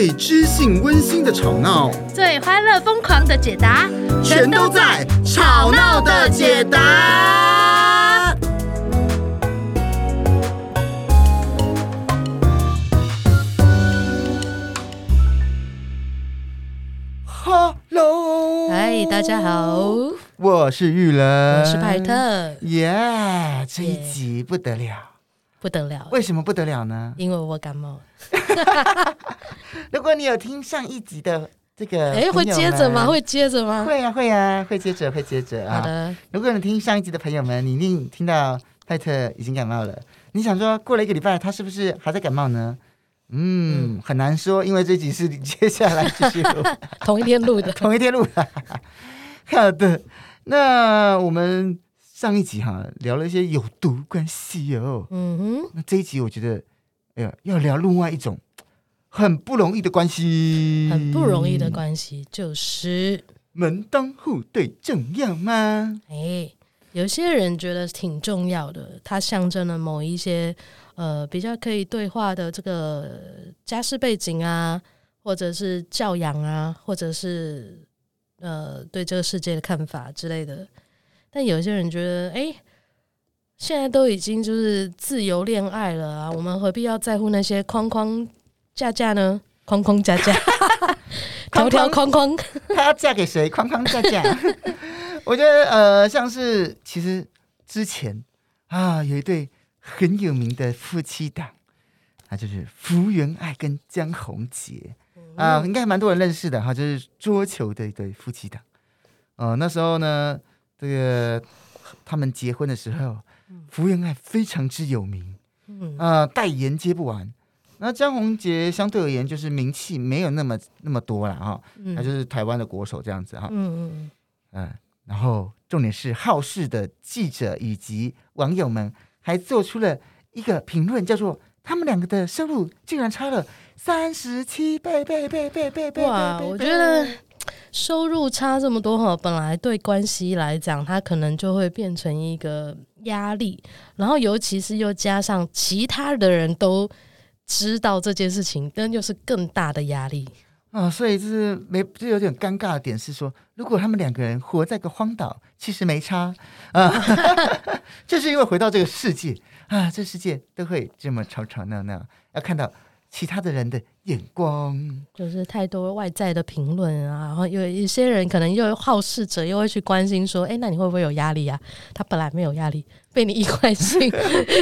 最知性溫馨的吵鬧，最歡樂瘋狂的解答，全都在《吵鬧的解答》解答。哈嘍，嗨，大家好，我是譽仁，我是派特，耶，yeah, 這一集 Yeah. 不得了。不得了！為什麼不得了呢？因為我感冒了。 如果你有聽上一集的這個，誒，會接着嗎？會接着嗎？會呀，會呀，會接着，會接着啊！好的。如果你聽上一集的朋友們，你一定聽到派特已經感冒了。你想說，過了一個禮拜，他是不是還在感冒呢？嗯，嗯，很難說，因為這集是接下來繼續錄， 同一天錄的， 同一天錄的。 好的，那我們。上一集哈、啊、聊了一些有毒關係哦。嗯哼，那這一集我覺得，哎呀，要聊另外一種很不容易的關係，嗯，很不容易的關係就是門當戶對重要嗎？哎、欸，有些人覺得挺重要的，它象徵了某一些呃比較可以對話的這個家世背景啊，或者是教養啊，或者是呃對這個世界的看法之類的。但有些人覺得，哎、欸，現在都已經就是自由戀愛了啊，對我們何必要在乎那些框框架架呢？框框架架，條條 框框，他要嫁給誰？框框架架。 我覺得呃，像是其實之前啊，有一對很有名的夫妻檔，啊，就是福原愛跟江宏杰啊，應該還蠻多人認識的哈、啊，就是桌球的一對夫妻檔。呃、啊，那時候呢。這個他們結婚的時候，福原愛非常之有名，呃，代言接不完。那江宏杰相對而言就是名氣沒有那麼那麼多了哈，他就是台灣的國手這樣子哈。嗯，然後重點是好事的記者以及網友們還做出了一個評論，叫做他們兩個的收入竟然差了三十七倍倍。哇，我覺得。收入差這麼多哈，本來對關係來講，它可能就會變成一個壓力。然後，尤其是又加上其他的人都知道這件事情，那就是更大的壓力啊。哦，所以，就是沒就有點尷尬的點是說，如果他們兩個人活在個荒島，其實沒差啊。 就是因為回到這個世界啊，這世界都會這麼吵吵鬧鬧，要看到其他的人的眼光，就是太多外在的評論啊。然後有一些人可能又好事者，又會去關心說：“哎、欸，那你會不會有壓力呀、啊？”他本來沒有壓力，被你一關心，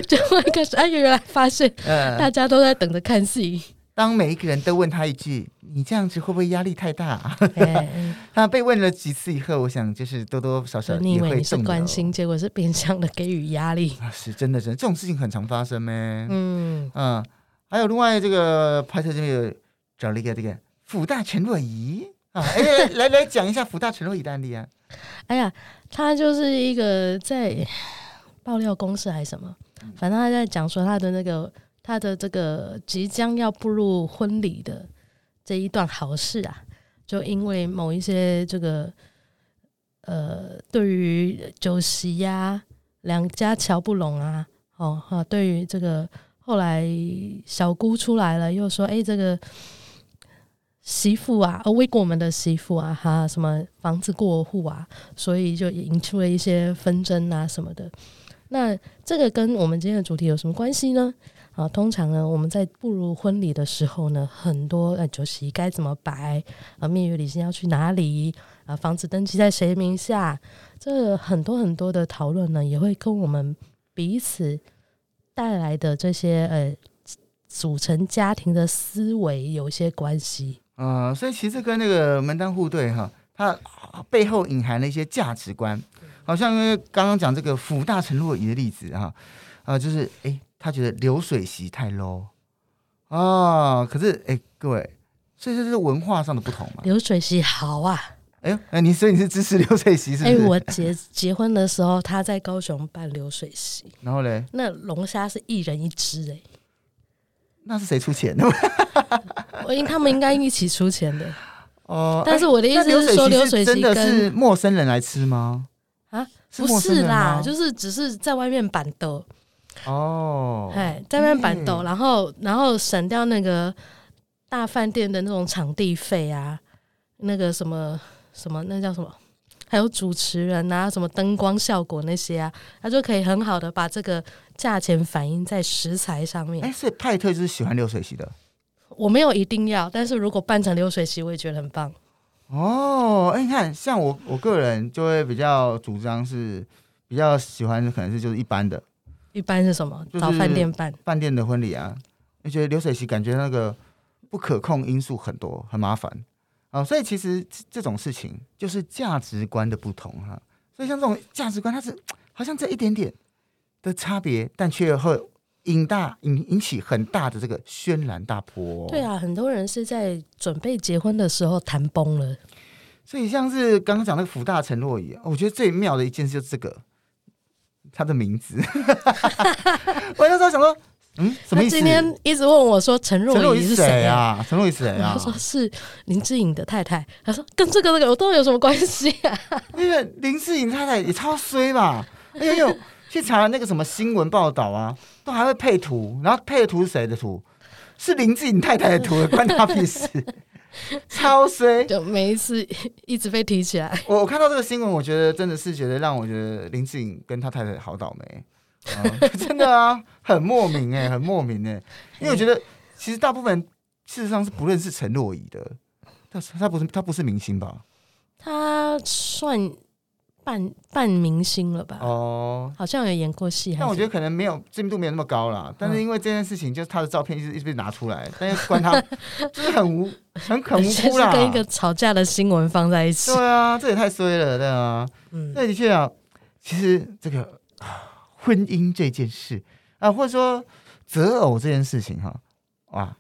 就會開始哎，原來發現大家都在等着看戲、嗯。當每一個人都問他一句：“你這樣子會不會壓力太大？”嗯、 他被問了幾次以後，我想就是多多少少也你以為你是關心，結果是變相的給予壓力。啊、是真的，真的這種事情很常發生誒、欸。嗯嗯。嗯還有另外這個拍攝這個，找了一個這個輔大承諾儀啊，欸、來來講一下輔大承諾儀的案例啊。 哎呀，他就是一個在爆料公司還是什麼，反正他在講說他的那個他的這個即將要步入婚禮的這一段好事啊，就因為某一些這個呃，對於酒席呀、啊、兩家喬不攏啊，哦哈、啊，對於這個。後來小姑出來了，又說：“哎，這個媳婦啊，未過門的媳婦啊，哈，什麼房子過戶啊，所以就引出了一些紛爭啊什麼的。那這個跟我們今天的主題有什麼關係呢？啊，通常呢，我們在步入婚禮的時候呢，很多，呃，酒席該怎麼擺，啊，蜜月旅行要去哪裡，啊，房子登記在誰名下，這很多很多的討論呢，也會跟我們彼此，”帶來的這些呃、組成家庭的思維有一些關係，啊、呃、所以其實跟那個門當戶對哈，它背後隱含了一些價值觀，好像剛剛講這個府大成落雨的例子哈，啊、呃，就是哎，他覺得流水席太 low 啊、哦，可是哎，各位，所以這是文化上的不同嘛，流水席好啊。哎，你說你是支持流水席是，是？哎、欸，我結結婚的時候，他在高雄辦流水席。然後嘞，那龍蝦是一人一隻哎、欸，那是誰出錢的？我應他們應該一起出錢的。哦，但是我的意思是說，欸，流水席，流水席跟真的是陌生人來吃嗎？啊，是不是啦，就是只是在外面辦桌。哦，嗨、欸，在外面辦桌，嗯、然後然後省掉那個大飯店的那種場地費啊，那個什麼。什麼那叫什麼？還有主持人吶、啊，什麼燈光效果那些啊，他就可以很好的把這個價錢反映在食材上面。哎、欸，是派特就是喜歡流水席的，我沒有一定要，但是如果辦成流水席，我也覺得很棒。哦，哎、欸，你看，像我我個人就會比較主張是比較喜歡的，可能是就是一般的。 一般是什麼？找飯就是 店辦飯店的婚禮啊？我覺得流水席感覺那個不可控因素很多，很麻煩。哦，所以其實這種事情就是價值觀的不同哈，啊。所以像這種價值觀，它是好像這一點點的差別，但卻會引大引引起很大的這個軒然大波哦。對啊，很多人是在準備結婚的時候談崩了。所以像是剛剛講那個福大承諾一樣，我覺得最妙的一件事就是這個，他的名字。 我那時候想說嗯，什麼意思？他今天一直問我說：“陳若儀是誰啊？陳若儀是誰啊？”他說：“是林志穎的太太。”他說：“跟這個這個我到底有什麼關係啊？”因為林志穎太太也超衰嘛，哎呦，去查那個什麼新聞報道啊，都還會配圖，然後配的圖是誰的圖？是林志穎太太的圖，關他屁事，超衰。就每一次一直被提起來。我我看到這個新聞，我覺得真的是覺得讓我覺得林志穎跟他太太好倒霉。 嗯、真的啊，很莫名哎、欸，很莫名哎、欸，因為我覺得其實大部分人事實上是不認識陳若儀的，但是他不是他不是明星吧？他算半半明星了吧？哦，好像有演過戲，但我覺得可能沒有知名度沒有那麼高啦。但是因為這件事情，就是他的照片一直一直被拿出來，嗯、但是關他， 就是很無很很無辜啦，跟一個吵架的新聞放在一起，對啊，這也太衰了，對啊，嗯，那的確啊，其實這個。婚姻這件事啊、呃，或者說擇偶這件事情哈，哇、啊，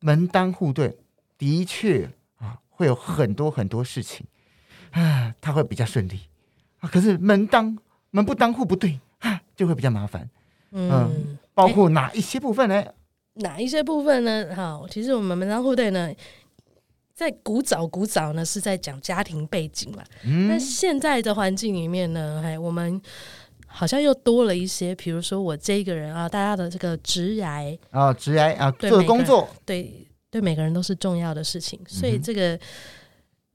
門當戶對的確啊，會有很多很多事情啊，他會比較順利啊。可是門當門不當戶不對啊，就會比較麻煩。啊、嗯，包括哪一些部分呢、欸？哪一些部分呢？好，其實我們門當戶對呢，在古早古早呢是在講家庭背景嘛。那、嗯、現在的環境裡面呢，欸、我們。好像又多了一些，比如說我這一個人啊，大家的這個職業啊，職業啊，癌呃、對做的工作，對對，對每個人都是重要的事情。所以這個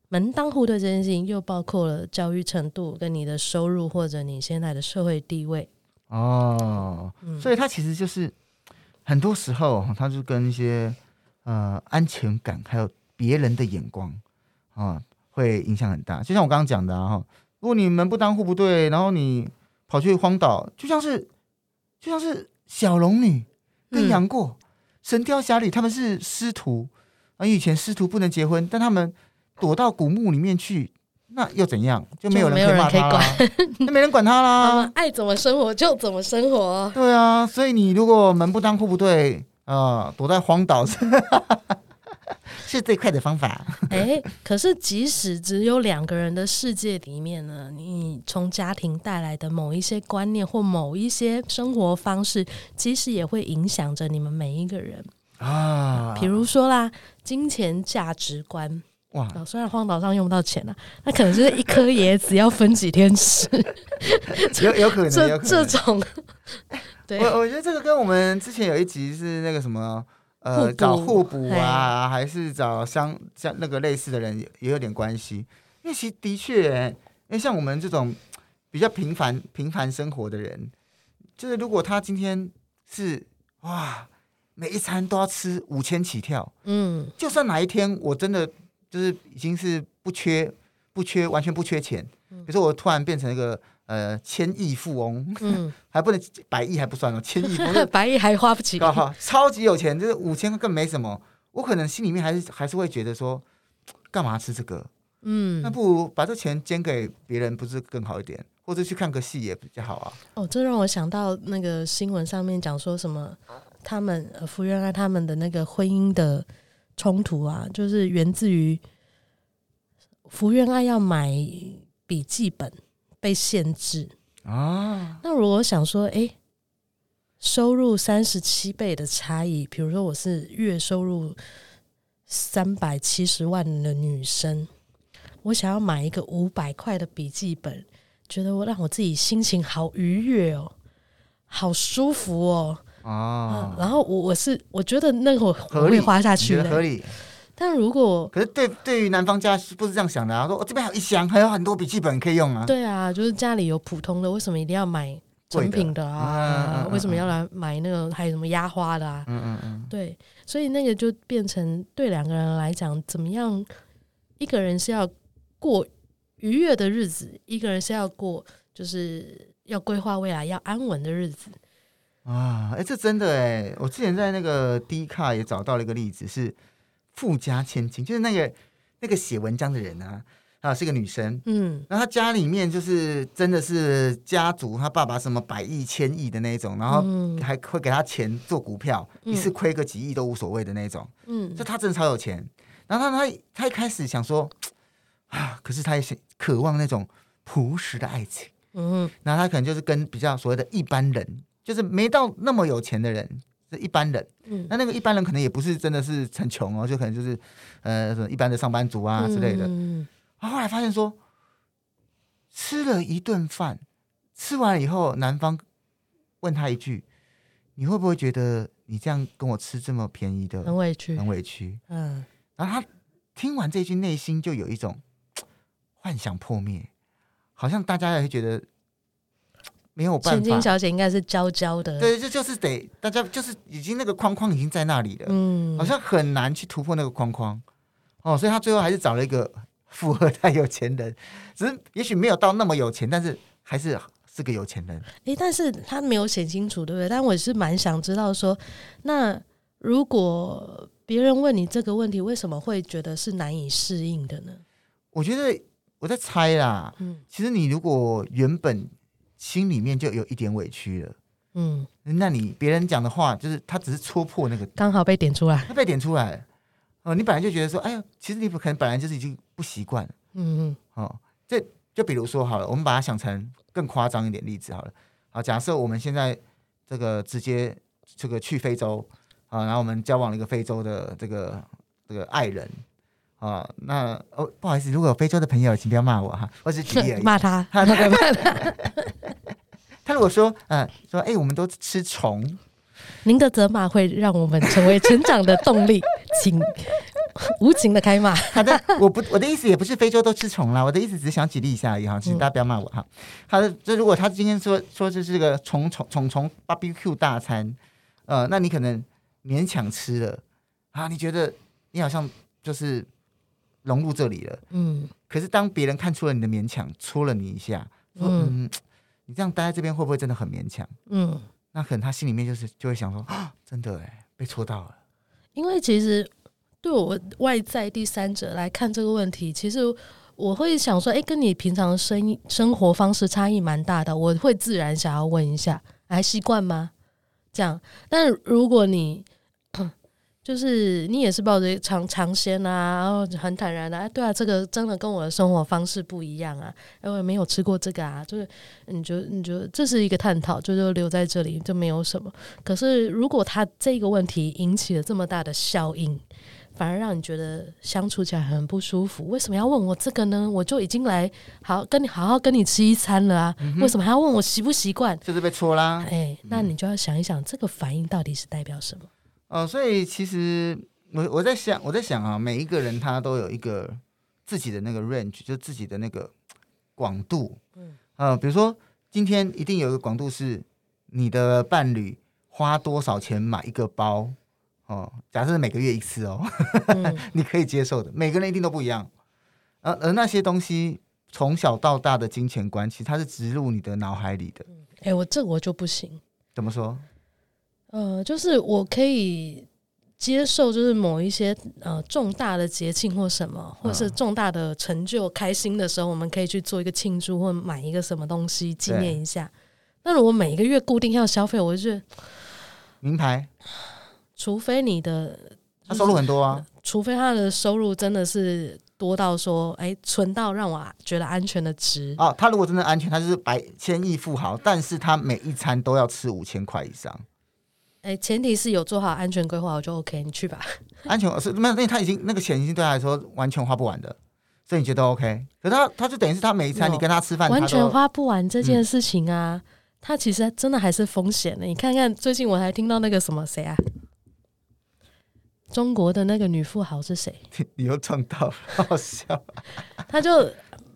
門當戶對這件事情，又包括了教育程度跟你的收入或者你現在的社會地位哦。所以他其實就是很多時候，他就跟一些呃安全感還有別人的眼光啊、呃，會影響很大。就像我剛剛講的哈、啊，如果你門不當戶不對，然後你，跑去荒島，就像是就像是小龍女跟楊過嗯、《神雕俠侶》，他們是師徒啊。以前師徒不能結婚，但他們躲到古墓裡面去，那又怎樣？就沒有人可以，他人可以管，那 沒人管他啦。他們愛怎麼生活就怎麼生活。對啊，所以你如果門不當戶不對啊，呃，躲在荒島上。 是最快的方法、啊。哎、 欸，可是即使只有兩個人的世界裡面呢，你從家庭帶來的某一些觀念或某一些生活方式，其實也會影響着你們每一個人啊。啊、比如說啦，金錢價值觀。哇、哦，雖然荒島上用不到錢了，那可能就是一顆椰子要分幾天吃，有有可能這可能這種。 對我我覺得這個跟我們之前有一集是那個什麼。呃，互補找互補啊，對還是找像像那個類似的人也，也有點關係。因為其實的確、欸，因為像我們這種比較平凡平凡生活的人，就是如果他今天是哇，每一餐都要吃五千起跳，嗯，就算哪一天我真的就是已經是不缺不缺完全不缺錢，可是、嗯、我突然變成一個。呃，千億富翁，嗯，還不能百億還不算哦，千億富翁，嗯、百億還花不起，超級有錢，就是五千個更沒什麼。我可能心裡面還是還是會覺得說，幹嘛吃這個？嗯，那不如把這錢捐給別人，不是更好一點？或者去看個戲也比較好啊。哦，這讓我想到那個新聞上面講說什麼，他們福原愛他們的那個婚姻的衝突啊，就是源自於福原愛要買筆記本。被限制啊！那如果我想說，誒、欸，收入三十七倍的差異，比如說我是月收入三百七十萬的女生，我想要買一個五百塊的筆記本，覺得我讓我自己心情好愉悅哦、喔，好舒服哦、喔、啊，啊！然後我我是我覺得那個我，合理，我會花下去的，但如果可是對對於男方家是不是這樣想的，啊？他說我、哦、這邊還有一箱，還有很多筆記本可以用啊。對啊，就是家裡有普通的，為什麼一定要買成品的啊？為什麼要來買那個、嗯啊、還有什麼壓花的啊？嗯嗯、啊、嗯。對，所以那個就變成對兩個人來講，怎麼樣？一個人是要過愉悅的日子，一個人是要過就是要規劃未來、要安穩的日子啊。哎，這真的哎，我之前在那個 Dcard 也找到了一個例子是。富家千金，就是那個那個寫文章的人啊，啊，是個女生，嗯，然後他家裡面就是真的是家族，他爸爸什麼百億、千億的那種，然後還會給他錢做股票，一次、嗯、虧個幾億都無所謂的那種，嗯，就他真的超有錢。然後他他他一開始想說啊，可是他也渴望那種樸實的愛情，嗯哼，然後他可能就是跟比較所謂的一般人，就是沒到那麼有錢的人。一般人，嗯、那那個一般人可能也不是真的是很窮哦，就可能就是，呃，什麼一般的上班族啊之類的。嗯，他、啊、後來發現說，吃了一頓飯，吃完以後，男方問他一句：“你會不會覺得你這樣跟我吃這麼便宜的很委屈？”很委屈。嗯，然後他聽完這句，內心就有一種幻想破滅，好像大家也會覺得。沒有辦法，千金小姐應該是嬌嬌的，對，這就，就是得大家就是已經那個框框已經在那裡了，嗯，好像很難去突破那個框框，哦，所以他最後還是找了一個富二代有錢人，只是也許沒有到那麼有錢，但是還是是個有錢人。哎，但是他沒有寫清楚，對不對？但我是蠻想知道說，那如果別人問你這個問題，為什麼會覺得是難以適應的呢？我覺得我在猜啦，嗯，其實你如果原本。心裡面就有一點委屈了，嗯，那你別人講的話，就是他只是戳破那個，剛好被點出來，他被點出來哦、呃，你本來就覺得說，哎呀，其實你不可能本來就是已經不習慣嗯嗯哼，哦，這就，就比如說好了，我們把它想成更誇張一點例子好了，好，假設我們現在這個直接這個去非洲啊、呃，然後我們交往了一個非洲的這個這個愛人哦、呃，那哦，不好意思，如果有非洲的朋友，請不要罵我哈，我只是舉例而已，罵他，啊、他他敢罵他。 我說，嗯、呃，說，哎、欸，我們都吃蟲。您的責罵會讓我們成為成長的動力， 請無情的開罵。好 的，我不，我的意思也不是非洲都吃蟲啦，我的意思只是想舉例一下而已哈，請大家不要罵我哈。嗯、好的，這如果他今天說說是這是個蟲蟲蟲蟲 barbecue 大餐，呃，那你可能勉強吃了啊，你覺得你好像就是融入這裡了，嗯。可是當別人看出了你的勉強，戳了你一下，嗯。嗯你這樣待在這邊會不會真的很勉強？嗯，那可能他心裡面就是就會想說，真的誒，被戳到了。因為其實對我外在第三者來看這個問題，其實我會想說，哎、欸，跟你平常生生活方式差異蠻大的，我會自然想要問一下，還習慣嗎？這樣。但如果你，就是你也是抱着嘗嘗鮮啊，然後、哦、很坦然的、啊、哎，對啊，這個真的跟我的生活方式不一樣啊，哎，我也沒有吃過這個啊，就是你覺得你覺得這是一個探討，就就留在這裡就沒有什麼。可是如果他這個問題引起了這麼大的效應，反而讓你覺得相處起來很不舒服，為什麼要問我這個呢？我就已經來好跟你好好跟你吃一餐了啊，嗯哼，為什麼還要問我習不習慣？就是被戳啦，哎，那你就要想一想，這個反應到底是代表什麼？哦、呃，所以其實我我在想我在想啊，每一個人他都有一個自己的那個 range，就自己的那個廣度，嗯、呃，比如說今天一定有一個廣度是你的伴侶花多少錢買一個包哦、呃，假設是每個月一次哦，嗯、 你可以接受的，每個人一定都不一樣，而、呃、而那些東西，從小到大的金錢觀，其實它是植入你的腦海裡的。哎、欸，我這我就不行，怎麼說？呃，就是我可以接受，就是某一些呃重大的節慶或什麼，或是重大的成就，開心的時候，嗯、我們可以去做一個慶祝，或買一個什麼東西紀念一下。對那如果每一個月固定要消費，我就覺得名牌，白除非你的、就是、他收入很多啊，除非他的收入真的是多到說，哎、欸，存到讓我覺得安全的值哦，他如果真的安全，他是百千億富豪，但是他每一餐都要吃五千塊以上。哎、欸，前提是有做好安全規劃，我就 OK，你去吧。 安全是沒有，因為他已經那個錢已經對他來說完全花不完的，所以你覺得 OK？可是他他就等於是他每餐 no, 你跟他吃飯，完全花不完這件事情啊，嗯、他其實真的還是風險的。你看看最近我還聽到那個什麼誰啊，中國的那個女富豪是誰？ 你又撞到了，好笑。 他就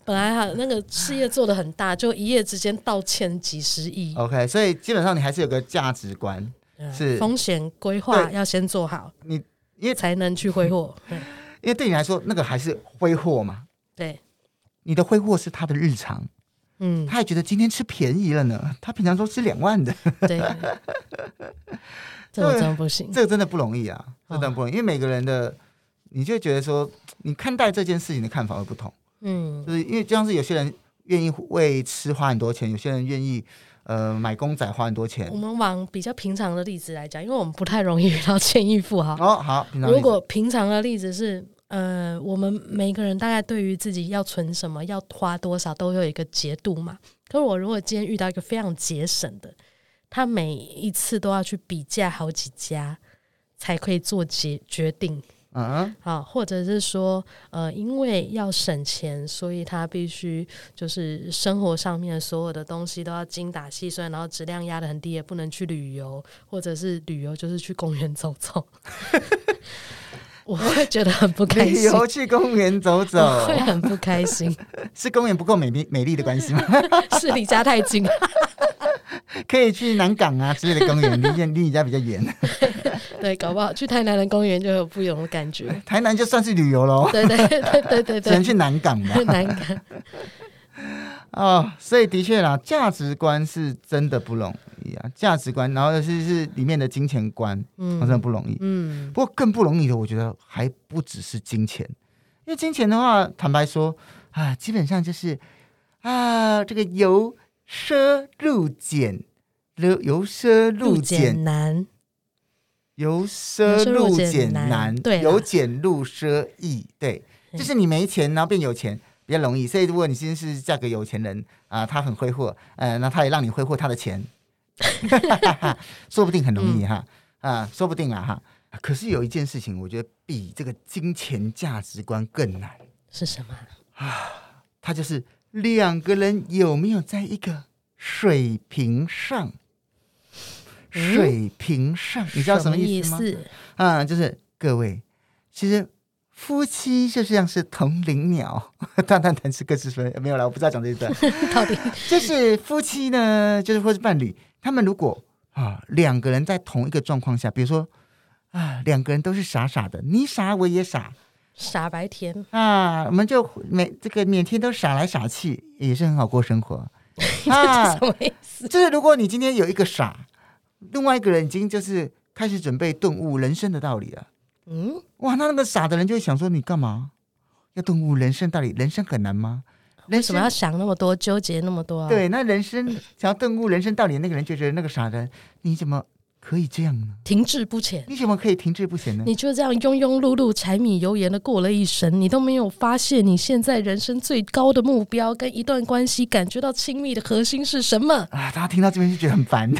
本來哈那個事業做得很大，就一夜之間倒欠幾十億。 OK，所以基本上你還是有個價值觀。是風險規劃要先做好，你因為才能去揮霍。對，因為對你來說，那個還是揮霍嘛？對，你的揮霍是他的日常。嗯，他還覺得今天吃便宜了呢。他平常都吃兩萬的。對， 這個真的不行，這個真的不容易啊，這個、真的不容易。哦、因為每個人的，你就覺得說，你看待這件事情的看法會不同。嗯，就是因為就像是有些人願意為吃花很多錢，有些人願意。呃，買公仔花很多錢。我們往比較平常的例子來講，因為我們不太容易遇到千億富豪。哦，好，好。如果平常的例子是，呃，我們每個人大概對於自己要存什麼、要花多少都有一個節度嘛。可是我如果今天遇到一個非常節省的，他每一次都要去比價好幾家才可以做決決定。嗯，好、啊，或者是說，呃，因為要省錢，所以他必須就是生活上面所有的東西都要精打細算，然後質量壓得很低，也不能去旅遊，或者是旅遊就是去公園走走。 我會覺得很不開心。旅遊去公園走走 會很不開心， 是公園不夠美麗美麗的關係嗎？ 是離家太近， 可以去南港啊之類的公園，離遠離你家比較遠。 對，搞不好去台南的公園就有不一樣的感覺。台南就算是旅遊嘍， 對對對對對對，只能去南港嘛。 南港哦。所以的確啦，價值觀是真的不容易啊，價值觀，然後是是裡面的金錢觀，嗯、哦，真的不容易。嗯，不過更不容易的，我覺得還不只是金錢，因為金錢的話，坦白說啊，基本上就是啊，這個由奢入儉了，由奢入儉難。由奢入儉難，難由儉入奢易。對，啊、對，就是你沒錢，然後變有錢，比較容易。嗯、所以，如果你先是嫁給有錢人啊、呃，他很揮霍，嗯、呃，那他也讓你揮霍他的錢， 說不定很容易、嗯、哈啊，說不定啊哈。可是有一件事情，我覺得比這個金錢價值觀更難，是什麼啊？他就是兩個人有沒有在一個水平上。水平上，嗯、你知道什麼意思嗎？思啊，就是各位，其實夫妻就像是同林鳥，但談談是各自飛。沒有了，我不知道講這一段。 到底就是夫妻呢，就是或是伴侶，他們如果啊，兩個人在同一個狀況下，比如說啊，兩個人都是傻傻的，你傻我也傻，傻白甜啊，我們就每這個每天都傻來傻去，也是很好過生活。啊，這是 什麼意思？就是如果你今天有一個傻。另外一個人已經就是開始準備頓悟人生的道理了。嗯，哇，那那個傻的人就會想說：你幹嘛要頓悟人生道理？人生很難嗎？人為什麼要想那麼多、糾結那麼多啊？對，那人生想要頓悟人生道理，那個人就覺得那個傻人，你怎麼？可以這樣呢，停滯不前？你怎麼可以停滯不前呢？你就這樣庸庸碌碌，柴米油鹽的過了一生，你都沒有發現你現在人生最高的目標跟一段關係感覺到親密的核心是什麼？啊，大家聽到這邊就覺得很煩。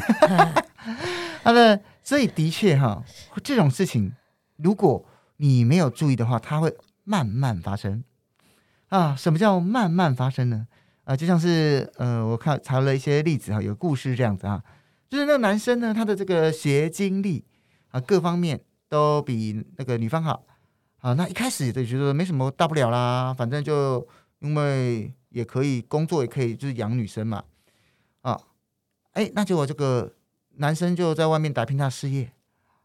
他 的，啊啊，所以的確哈、啊，這種事情，如果你沒有注意的話，它會慢慢發生。啊，什麼叫慢慢發生呢？啊，就像是呃，我看查了一些例子哈，有故事這樣子啊。就是那個男生呢，他的這個學經歷啊，各方面都比那個女方好啊。那一開始就覺得沒什麼大不了啦，反正就因為也可以工作，也可以就是養女生嘛啊。誒、欸，那結果這個男生就在外面打拼他事業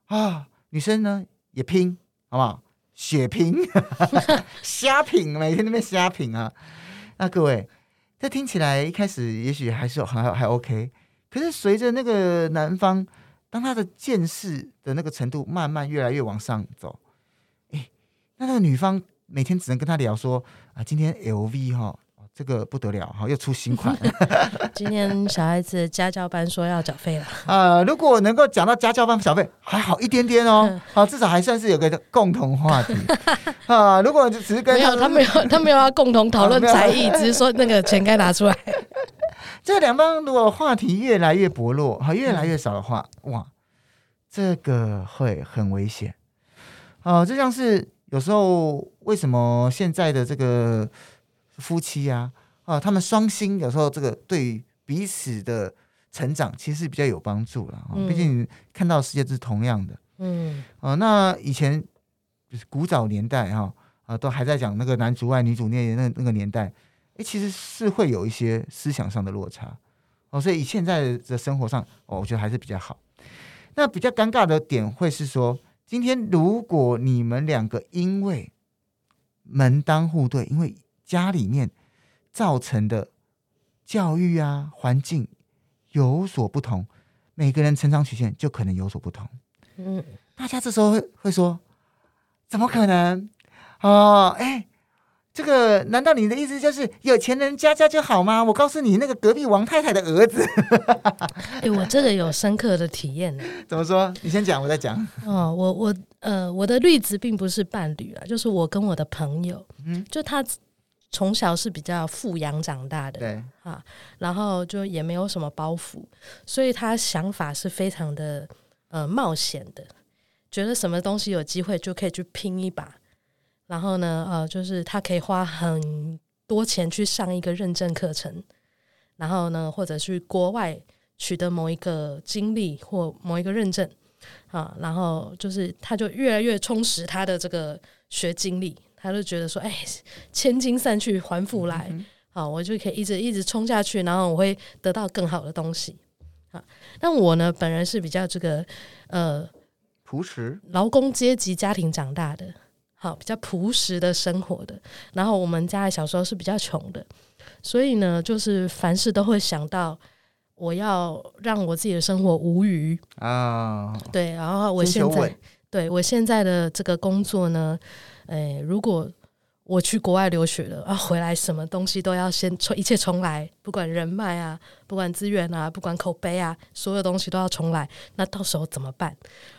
啊，女生呢也拼，好不好？血拼，瞎拼，每天在那邊瞎拼啊。那各位，這聽起來一開始也許還是還還 OK。可是隨着那個男方，當他的見識的那個程度慢慢越來越往上走，哎、欸，那個女方每天只能跟他聊說啊，今天 L V 哈、哦，這個不得了哈、哦，又出新款了。 今天小孩子家教班說要繳費了、呃、如果能夠講到家教班繳費，還好一點點哦，好、 哦、至少還算是有個共同話題啊、 呃。如果只是跟他沒有，他沒有他沒有要共同討論才藝，啊、只是說那個錢該拿出來。這兩方如果話題越來越薄弱，哈，越來越少的話，嗯、哇，這個會很危險。哦、呃，就像是有時候為什麼現在的這個夫妻呀、啊，啊、呃，他們雙薪有時候這個對於彼此的成長其實是比較有幫助了啊，嗯、畢竟看到的世界是同樣的。嗯，啊、呃，那以前就是古早年代哈、哦，啊、呃，都還在講那個男主外女主內那那個年代。哎、欸，其實是會有一些思想上的落差哦，所以以現在的生活上、哦，我覺得還是比較好。那比較尷尬的點會是說，今天如果你們兩個因為門當戶對，因為家裡面造成的教育啊環境有所不同，每個人成長曲線就可能有所不同。嗯，大家這時候會會說，怎麼可能？哦，哎、欸。這個難道你的意思就是有錢人家家就好嗎？我告訴你，那個隔壁王太太的兒子， 欸、我這個有深刻的體驗呢。怎麼說？你先講，我再講。哦，我我呃，我的例子並不是伴侶啊，就是我跟我的朋友，嗯，就他從小是比較富養長大的，對啊，然後就也沒有什麼包袱，所以他想法是非常的呃冒險的，覺得什麼東西有機會就可以去拼一把。然後呢，呃，就是他可以花很多錢去上一個認證課程，然後呢，或者去國外取得某一個經歷或某一個認證啊，然後就是他就越來越充實他的這個學經歷，他就覺得說，哎，千金散去還復來，好，嗯哼，啊，我就可以一直一直衝下去，然後我會得到更好的東西啊。但我呢，本人是比較這個呃，樸實世，勞工階級家庭長大的。好，比較樸實的生活的。然後我們家的小時候是比較窮的，所以呢，就是凡事都會想到我要讓我自己的生活無餘啊。對，然後我現在，對我現在的這個工作呢，誒、欸，如果我去國外留學了，啊，回來什麼東西都要先一切重來，不管人脈啊，不管資源啊，不管口碑啊，所有東西都要重來，那到時候怎麼辦？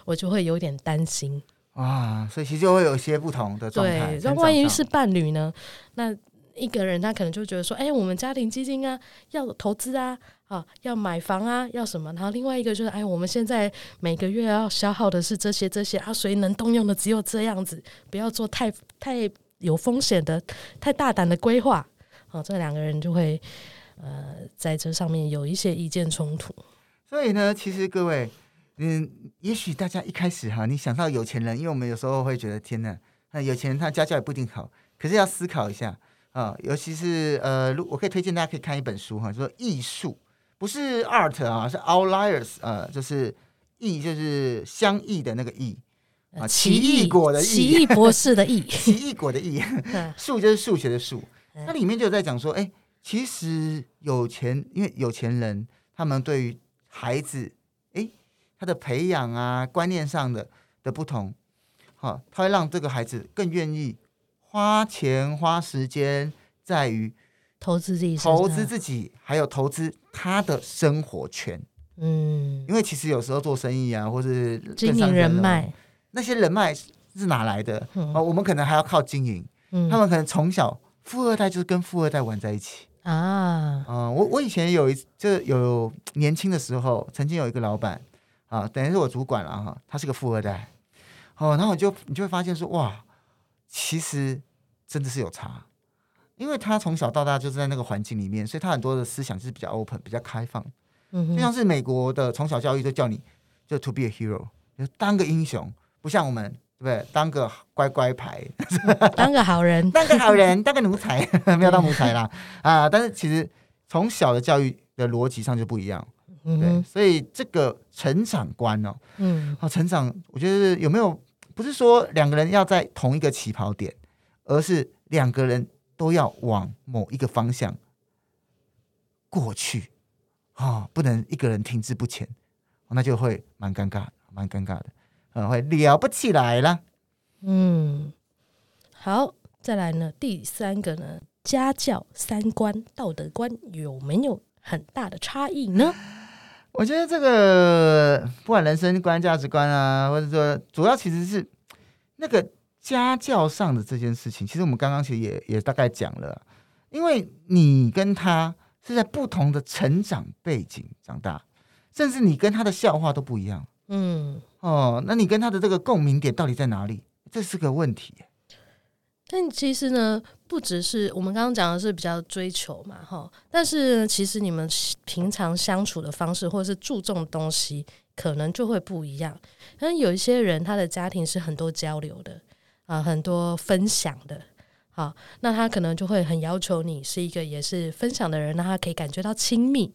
我就會有點擔心。啊、哦，所以其實就會有一些不同的狀態。對，那萬一是伴侶呢？那一個人他可能就覺得說，哎、欸，我們家庭基金啊，要投資啊，啊，要買房啊，要什麼？然後另外一個就是，哎，我們現在每個月要消耗的是這些這些啊，所以能動用的只有這樣子，不要做太太有風險的、太大膽的規劃。好、啊，這兩個人就會呃在這上面有一些意見衝突。所以呢，其實各位。嗯，也許大家一開始哈、啊，你想到有錢人，因為我們有時候會覺得天哪，那、呃、有錢人他家教也不一定好。可是要思考一下啊、呃，尤其是呃，我可以推薦大家可以看一本書哈，就是、說異數不是 art 啊，是 outliers 呃，就是異就是相異的那個異啊，奇異藝果的異，奇異博士的異，奇異 果的異，數 就是數學的數。它、嗯、裡面就有在講說，哎、欸，其實有錢，因為有錢人他們對於孩子。他的培養啊，觀念上的的不同，好、啊，他會讓這個孩子更願意花錢花時間，在於投資自己，投資自己，還有投資他的生活圈。嗯，因為其實有時候做生意啊，或者是上經營人脈，那些人脈是哪來的？哦、嗯啊，我們可能還要靠經營。嗯、他們可能從小富二代就是跟富二代玩在一起啊。啊，我我以前有一，就有年輕的時候，曾經有一個老闆。啊、哦，等於是我主管了、啊、哈、哦，他是個富二代，哦，然後我就你就會發現說，哇，其實真的是有差，因為他從小到大就是在那個環境裡面，所以他很多的思想就是比較 open，比較開放，嗯哼，就像是美國的從小教育都叫你就 to be a hero，就當個英雄，不像我們，對不對？當個乖乖牌， 嗯、當個好人， 當個好人，當個奴才， 嗯、沒有當奴才啦啊，但是其實從小的教育的邏輯上就不一樣。對，所以這個成長觀哦，嗯，啊，成長，我覺得有沒有不是說兩個人要在同一個起跑點，而是兩個人都要往某一個方向過去，哦、啊，不能一個人停滯不前，那就會蠻尷尬，蠻尷尬的，啊、會聊不起來啦。嗯，好，再來呢，第三個呢，家教、三觀、道德觀有沒有很大的差異呢？我覺得這個不管人生觀、價值觀啊，或者說主要其實是那個家教上的這件事情，其實我們剛剛其實也也大概講了，因為你跟他是在不同的成長背景長大，甚至你跟他的笑話都不一樣，嗯，哦，那你跟他的這個共鳴點到底在哪裡？這是個問題欸。但其實呢，不只是我們剛剛講的是比較追求嘛，哈。但是其實你們平常相處的方式，或者是注重的東西，可能就會不一樣。那有一些人，他的家庭是很多交流的啊，很多分享的，好、啊，那他可能就會很要求你是一個也是分享的人，讓他可以感覺到親密。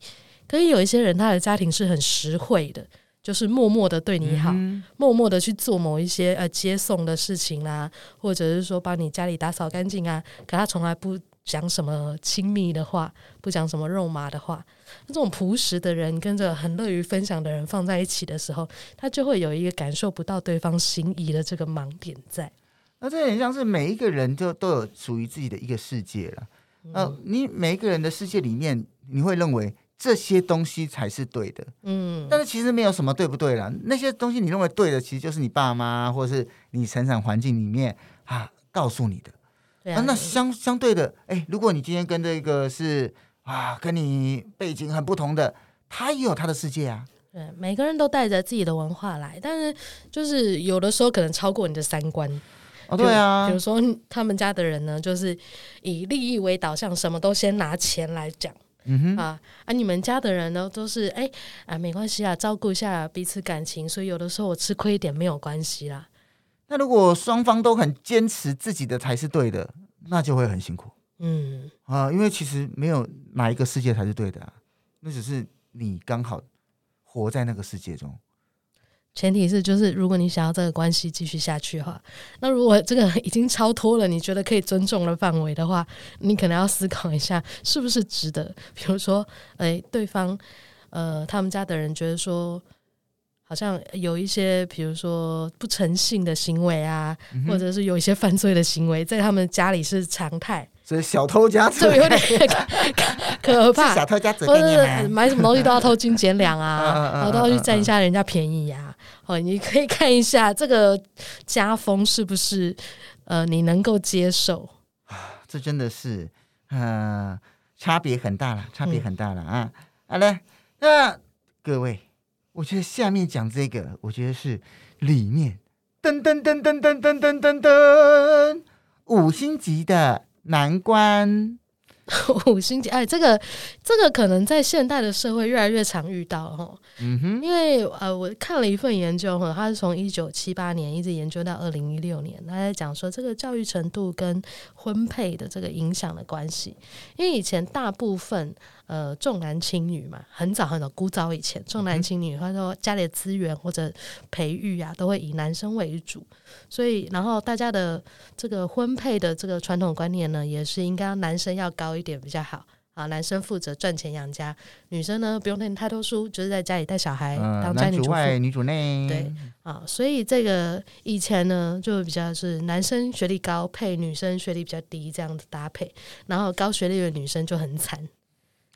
可是有一些人，他的家庭是很實惠的。就是默默的對你好，嗯、默默的去做某一些呃接送的事情啦、啊，或者是說幫你家裡打掃乾淨啊。可他從來不講什麼親密的話，不講什麼肉麻的話。那這種樸實的人，跟着很樂於分享的人放在一起的時候，他就會有一個感受不到對方心意的這個盲點在。那這很像是每一個人就都有屬於自己的一個世界了、嗯呃。你每一個人的世界裡面，你會認為，這些東西才是對的，嗯，但是其實沒有什麼對不對啦。那些東西你認為對的，其實就是你爸媽或者是你成長環境裡面啊告訴你的。對啊，啊，那相相對的，哎，欸，如果你今天跟這個是啊跟你背景很不同的，他也有他的世界啊。對，每個人都帶着自己的文化來，但是就是有的時候可能超過你的三觀。對啊，比如說他們家的人呢，就是以利益為導向，什麼都先拿錢來講。嗯哼啊啊！你們家的人呢，都是哎、欸、啊，沒關係啊，照顧一下彼此感情，所以有的時候我吃虧一點沒有關係啦。那如果雙方都很堅持自己的才是對的，那就會很辛苦。嗯啊，因為其實沒有哪一個世界才是對的啊，那只是你剛好活在那個世界中。前提是就是，如果你想要這個關係繼續下去的話，那如果這個已經超脫了你覺得可以尊重的範圍的話，你可能要思考一下是不是值得。比如說、欸，對方，呃，他們家的人覺得說，好像有一些，比如說不誠信的行為啊，嗯、哼或者是有一些犯罪的行為，在他們家裡是常態，所以小偷家子。就有點可怕。是小偷家子，不是買什麼東西都要偷斤減兩啊，然後都要去占一下人家便宜呀、啊。哦，你可以看一下這個家風是不是呃你能夠接受？這真的是，嗯、呃，差別很大了，差別很大了、嗯、啊！好了，那各位，我覺得下面講這個，我覺得是裡面噔噔噔噔噔噔噔噔五星級的難關。五星級哎，這個這個可能在現代的社會越來越常遇到哦。嗯哼，因為呃，我看了一份研究哈，他是從一九七八年一直研究到二零一六年，他在講說這個教育程度跟婚配的這個影響的關係，因為以前大部分。呃，重男輕女嘛，很早很早，古早以前重男輕女，或者說家裡的資源或者培育啊，都會以男生為主。所以，然後大家的這個婚配的這個傳統觀念呢，也是應該男生要高一點比較好。啊，男生負責賺錢養家，女生呢不用念太多書，就是在家裡帶小孩，呃、當家庭主婦，男主外女主內。對，啊，所以這個以前呢，就比較是男生學歷高配女生學歷比較低這樣子搭配，然後高學歷的女生就很慘。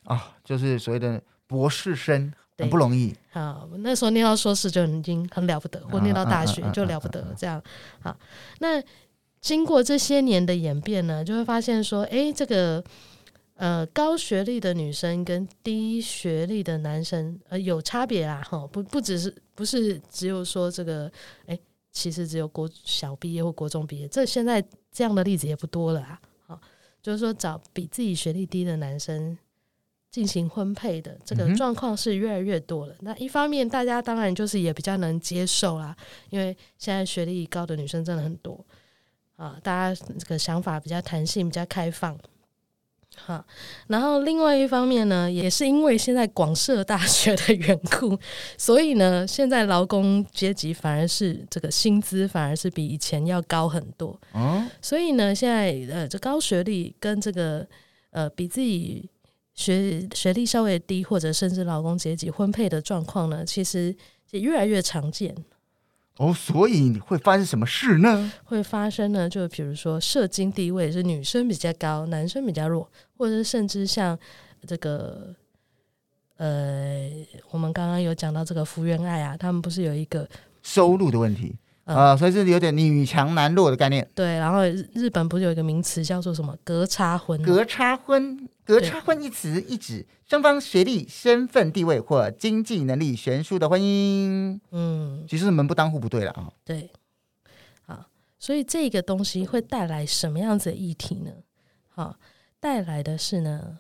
啊、哦，就是所謂的博士生，很不容易。好，那時候念到碩士就已經很了不得，或念到大學就了不得。這樣，嗯嗯嗯嗯嗯、好，那經過這些年的演變呢，就會發現說，哎、欸，這個呃高學歷的女生跟低學歷的男生呃有差別啊。哈，不不只是不是只有說這個，哎、欸，其實只有國小畢業或國中畢業，這現在這樣的例子也不多了啊。好，就是說找比自己學歷低的男生，進行婚配的這個狀況是越來越多了。嗯、哼那一方面，大家當然就是也比較能接受啦，因為現在學歷高的女生真的很多啊，大家這個想法比較彈性，比較開放。好，然後另外一方面呢，也是因為現在廣設大學的緣故，所以呢，現在勞工階級反而是這個薪資反而是比以前要高很多。哦、嗯，所以呢，現在呃，這高學歷跟這個呃，比自己。學學歷稍微低，或者甚至老公階級婚配的狀況呢，其實也越來越常見。哦，所以你會發生什麼事呢？會發生呢，就比如說社經地位是女生比較高，男生比較弱，或者甚至像這個，呃，我們剛剛有講到這個福原愛啊，他們不是有一個收入的問題。呃，嗯、所以是有點女強男弱的概念。對，然後日本不是有一個名詞叫做什麼“格差婚”？格差婚，格差婚一詞一指雙對方學歷、身份、地位或經濟能力懸殊的婚姻。嗯，其實是門不當戶不對了啊。對，好，所以這個東西會帶來什麼樣子的議題呢？好，帶來的是呢，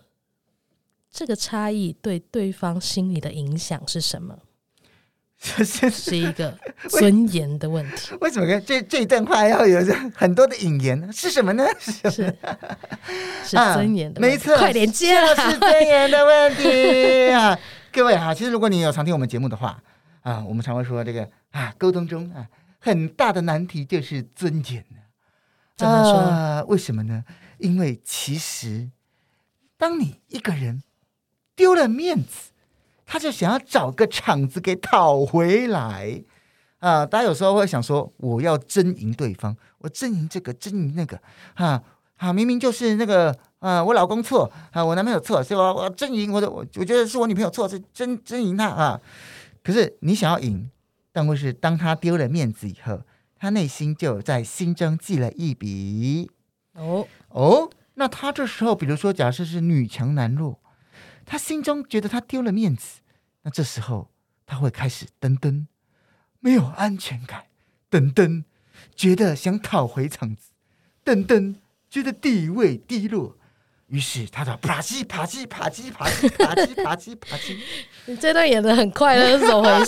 這個差異對對方心理的影響是什麼？這、 就是是一個尊嚴的問題。 為什麼這這一段話要有很多的引言呢？是什麼呢？是是尊嚴的，沒錯，快點接是尊嚴的問題啊,沒錯啊！各位啊，其實如果你有常聽我們節目的話啊，我們常會說這個啊，溝通中啊，很大的難題就是尊嚴。怎麼說？啊，為什麼呢？因為其實當你一個人丟了面子。他就想要找個場子給討回來，啊！大家有時候會想說，我要爭贏對方，我爭贏這個，爭贏那個，哈啊！明明就是那個啊，我老公錯啊，我男朋友錯，是吧？我要爭贏，我的我我覺得是我女朋友錯，是爭爭贏他啊！可是你想要贏，但問題是，當他丟了面子以後，他內心就在心中記了一筆哦哦。那他這時候，比如說假設是女強男弱。他心中覺得他丟了面子，那這時候他會開始噔噔，沒有安全感，噔噔，覺得想討回場子，噔噔，覺得地位低落，於是他要啪起啪起啪起啪起啪起啪起你這段演的很快樂，那是怎麼回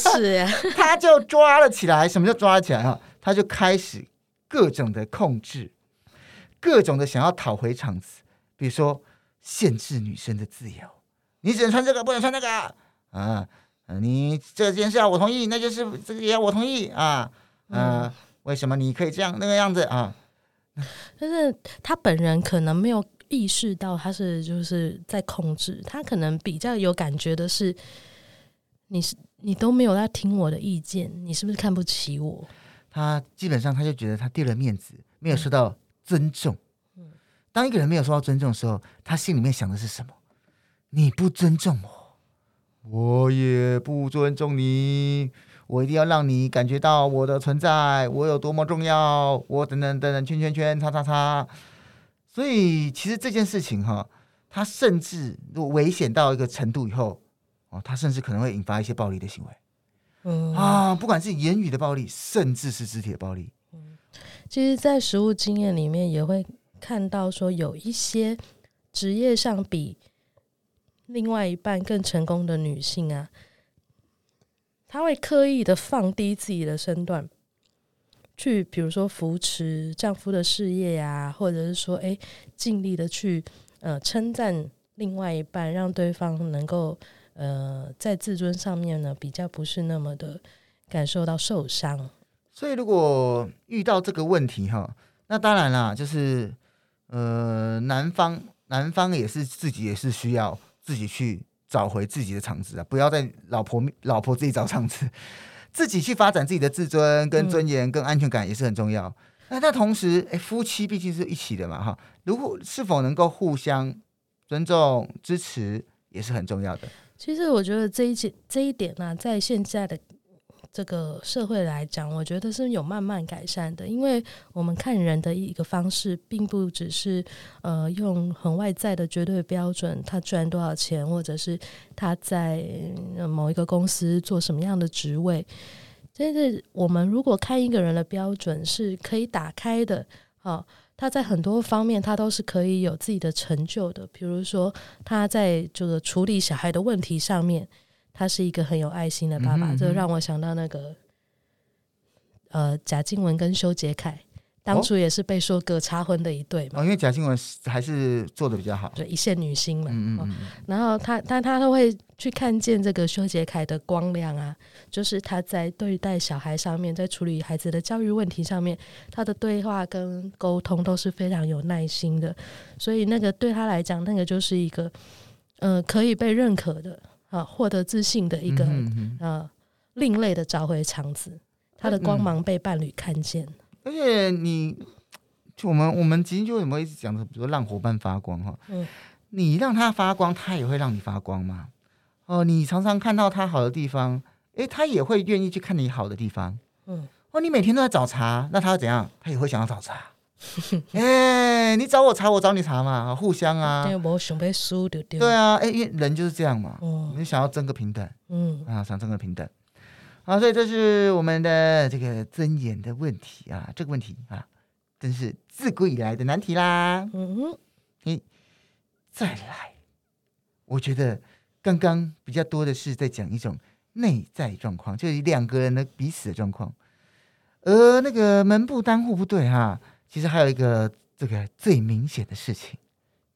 事？他就抓了起來，什麼叫抓了起來哈？他就開始各種的控制，各種的想要討回場子，比如說限制女生的自由。你只能穿這個，不能穿那個啊！你這件事要我同意，那件事這個也要我同意啊啊！為什麼你可以這樣那個樣子啊？但是他本人可能沒有意識到他是就是在控制，他可能比較有感覺的是，你是你都沒有在聽我的意見，你是不是看不起我？他基本上他就覺得他丟了面子，沒有受到尊重。嗯。當一個人沒有受到尊重的時候，他心裡面想的是什麼？你不尊重我，我也不尊重你。我一定要讓你感覺到我的存在，我有多麼重要。我等等等等圈圈圈叉叉叉。所以，其實這件事情哈，它甚至危險到一個程度以後，哦，它甚至可能會引發一些暴力的行為。嗯啊，不管是言語的暴力，甚至是肢體的暴力。嗯，其實，在實務經驗裡面，也會看到說有一些職業上比。另外一半更成功的女性啊，她會刻意的放低自己的身段，去比如說扶持丈夫的事業呀，啊，或者是說哎盡力的去呃稱讚另外一半，讓對方能夠呃在自尊上面呢比較不是那麼的感受到受傷。所以如果遇到這個問題哈，那當然啦，就是呃男方男方，也是自己也是需要。自己去找回自己的場子啊，不要在老婆老婆，自己找場子，自己去發展自己的自尊，跟尊嚴，跟安全感也是很重要。嗯、但那但同時，哎、欸，夫妻畢竟是一起的嘛，哈，如果是否能夠互相尊重、支持也是很重要的。其實我覺得這一件這一點呢、啊，在現在的。這個社會來講，我覺得是有慢慢改善的，因為我們看人的一個方式，並不只是呃用很外在的絕對標準，他賺多少錢，或者是他在某一個公司做什麼樣的職位。但是我們如果看一個人的標準是可以打開的，好，啊，他在很多方面他都是可以有自己的成就的，比如說他在這個處理小孩的問題上面。他是一個很有愛心的爸爸，這、嗯、哼讓我想到那個，呃，賈靜雯跟修杰楷，當初也是被說格差婚的一對嘛。哦、因為賈靜雯還是做的比較好，對一線女星嘛。嗯嗯，嗯、哦、然後他，他他都會去看見這個修杰楷的光亮啊，就是他在對待小孩上面，在處理孩子的教育問題上面，他的對話跟溝通都是非常有耐心的，所以那個對他來講，那個就是一個，嗯、呃、可以被認可的。啊，獲得自信的一個啊、嗯呃，另類的找回場子，他的光芒被伴侶看見。嗯、而且你，就我們我們今天就有沒有一直講的，比如說讓夥伴發光哈？嗯，你讓他發光，他也會讓你發光嗎？哦、呃，你常常看到他好的地方，哎、欸，他也會願意去看你好的地方。嗯，哦，你每天都在找茬，那他怎樣？他也會想要找茬。 欸欸、你找我查，我找你查嘛，互相啊。啊對，對啊，哎、欸，因人就是這樣嘛。哦、你想要爭個平等，嗯啊，想爭個平等。啊，所以這是我們的這個尊嚴的問題啊，這個問題啊，真是自古以來的難題啦。嗯哼，你、欸、再來，我覺得剛剛比較多的是在講一種內在狀況，就是兩個人的彼此的狀況。呃，那個門不當戶不對哈、啊，其實還有一個。這個最明顯的事情，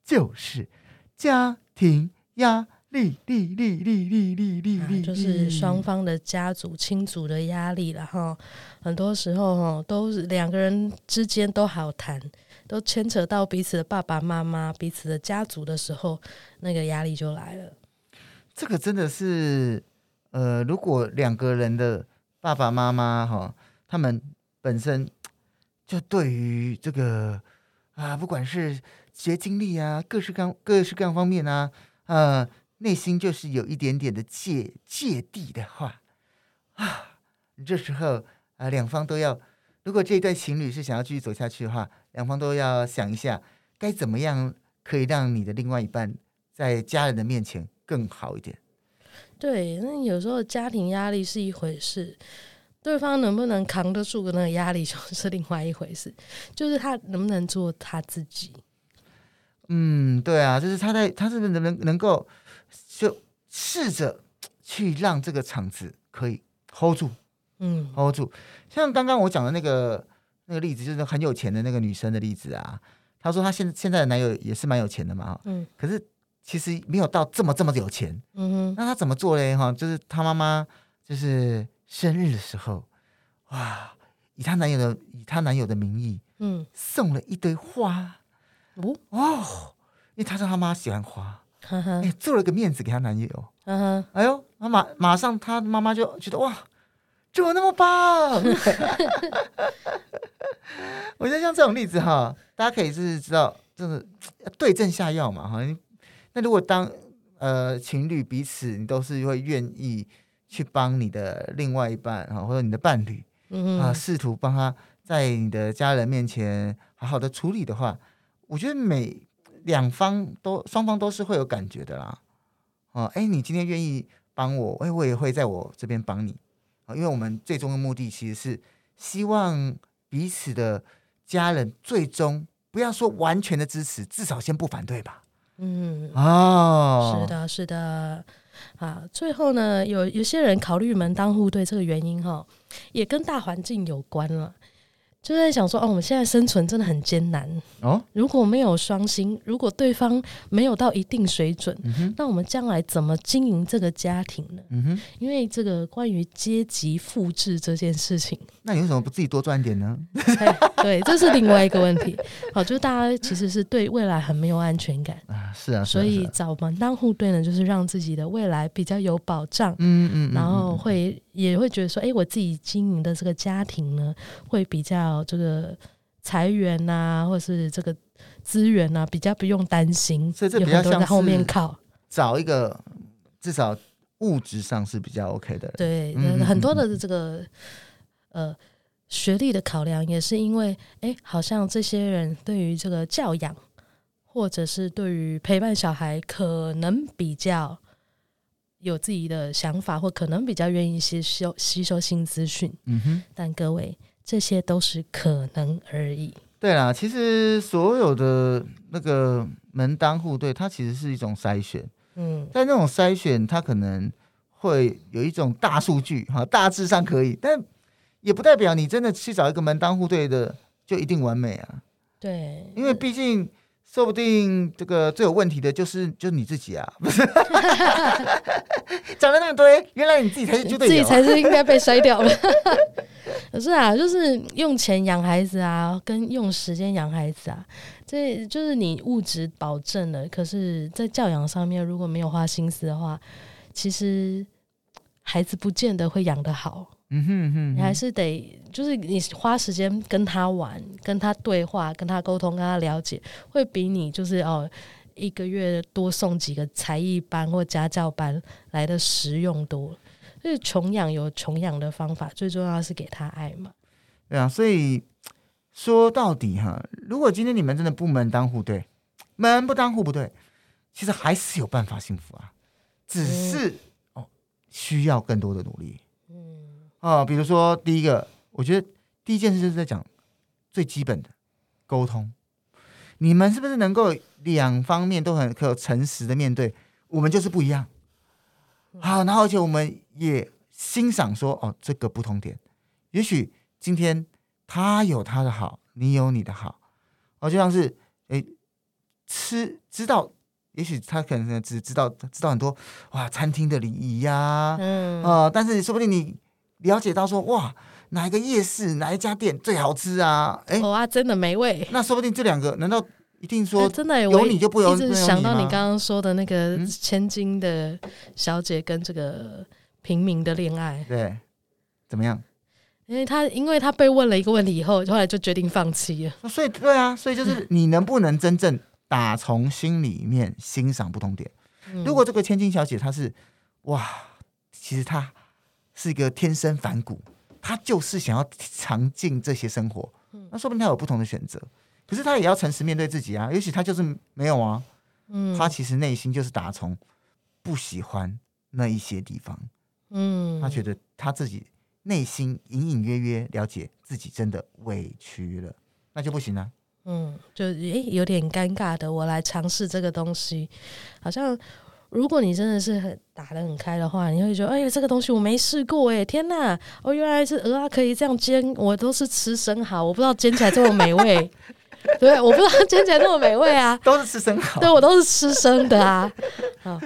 就是家庭壓力，力力力力力力力力，就是雙方的家族親族的壓力了哈。很多時候哈，都兩個人之間都好談，都牽扯到彼此的爸爸媽媽、彼此的家族的時候，那個壓力就來了。這個真的是，呃，如果兩個人的爸爸媽媽哈，他們本身就對於這個。啊，不管是學經歷啊，各式各樣各式各樣方面啊，呃，內心就是有一點點的芥芥蒂的話啊，這時候啊，呃，兩方都要，如果這一對情侶是想要繼續走下去的話，兩方都要想一下，該怎麼樣可以讓你的另外一半在家人的面前更好一點。對，那有時候家庭壓力是一回事。對方能不能扛得住那個壓力，就是另外一回事。就是他能不能做他自己？嗯，對啊，就是他在他是不是能能夠就試着去讓這個場子可以 hold 住，嗯，hold 住。像剛剛我講的那個那個例子，就是很有錢的那個女生的例子啊。她說她現現在的男友也是蠻有錢的嘛，嗯，可是其實沒有到這麼這麼有錢，嗯哼。那她怎麼做呢？哈，就是她媽媽就是。生日的時候，哇！以她男友的以她男友的名義，嗯，送了一堆花，哦哦，因為她說她媽喜歡花，哎呵、欸，做了個面子給她男友，呵呵哎呦，她馬馬上她媽媽就覺得哇，就我那麼棒， 我覺得像這種例子哈，大家可以就是知道，就是對症下藥嘛哈。那如果當呃情侶彼此你都是會願意。去幫你的另外一半啊，或者你的伴侶，嗯、啊，試圖幫他，在你的家人面前好好的處理的話，我覺得每兩方都雙方都是會有感覺的啦。哦、啊，哎、欸，你今天願意幫我，哎、欸，我也會在我這邊幫你啊，因為我們最終的目的其實是希望彼此的家人最終不要說完全的支持，至少先不反對吧。嗯，哦，是的，是的。啊，最後呢，有有些人考慮門當戶對這個原因哈，也跟大環境有關了。就在想說哦，我們現在生存真的很艱難哦。如果沒有雙薪，如果對方沒有到一定水準，嗯、哼那我們將來怎麼經營這個家庭呢？嗯哼，因為這個關於階級複製這件事情，那你為什麼不自己多賺點呢？對，這是另外一個問題。 好，就大家其實是對未來很沒有安全感啊。是啊，是啊，所以找門當戶對呢，就是讓自己的未來比較有保障。嗯嗯，嗯，嗯嗯，然後會。也會覺得說，哎、欸，我自己經營的這個家庭呢，會比較這個財源吶、啊，或者是這個資源吶、啊，比較不用擔心，所以這比較在後面靠找一個至少物質上是比較 OK 的。對，很多的這個嗯嗯嗯嗯呃學歷的考量也是因為，哎、欸，好像這些人對於這個教養，或者是對於陪伴小孩，可能比較。有自己的想法，或可能比較願意吸收吸收新資訊。嗯哼，但各位，這些都是可能而已。對啦，其實所有的那個門當戶對，它其實是一種篩選。嗯，但那種篩選，它可能會有一種大數據哈，大致上可以，但也不代表你真的去找一個門當戶對的就一定完美啊。對，因為畢竟。說不定這個最有問題的就是就是你自己啊，不是？講了那麼多，原來你自己才是，啊、自己才是應該被篩掉了。 可是啊，就是用錢養孩子啊，跟用時間養孩子啊，這就是你物質保證了，可是，在教養上面如果沒有花心思的話，其實孩子不見得會養得好。嗯哼哼,哼，你還是得就是你花時間跟他玩，跟他對話，跟他溝通，跟他了解，會比你就是哦、呃、一個月多送幾個才藝班或家教班來的實用多。就是窮養有窮養的方法，最重要是給他愛嘛。對啊，所以說到底哈，如果今天你們真的不門當戶對，門不當戶不對，其實還是有辦法幸福啊，只是、嗯、哦需要更多的努力。啊、呃，比如說第一個，我覺得第一件事就是在講最基本的溝通，你們是不是能夠兩方面都很可誠實的面對？我們就是不一樣，好、啊，然後而且我們也欣賞說，哦，這個不同點，也許今天他有他的好，你有你的好，哦，就像是哎，吃知道，也許他可能只知道知道很多，哇，餐廳的禮儀呀、啊，嗯，啊、呃，但是說不定你。了解到說哇，哪一個夜市哪一家店最好吃啊？哎、欸，哇、oh, 啊，真的美味。那說不定這兩個難道一定說、欸，真的有你就不容易。一直想到你剛剛說的那個千金的小姐跟這個平民的戀愛、嗯，對，怎麼樣？因為她，因為她被問了一個問題以後，後來就決定放棄了。所以對啊，所以就是你能不能真正打從心裡面欣賞不同點？嗯、如果這個千金小姐她是哇，其實她。是一個天生反骨，他就是想要嘗盡這些生活，那說明他有不同的選擇，可是他也要誠實面對自己啊。也許他就是沒有啊，嗯，他其實內心就是打從不喜歡那一些地方，嗯，他覺得他自己內心隱隱約約了解自己真的委屈了，那就不行了、啊，嗯，就誒、欸、有點尷尬的，我來嘗試這個東西，好像。如果你真的是很打得很開的話，你會覺得：“哎、欸、呀，這個東西我沒試過、欸，哎，天哪！哦，原來是蚵啊，可以這樣煎！我都是吃生蠔，我不知道煎起來這麼美味， 對，我不知道煎起來這麼美味啊，都是吃生蠔，對，我都是吃生的啊。”好，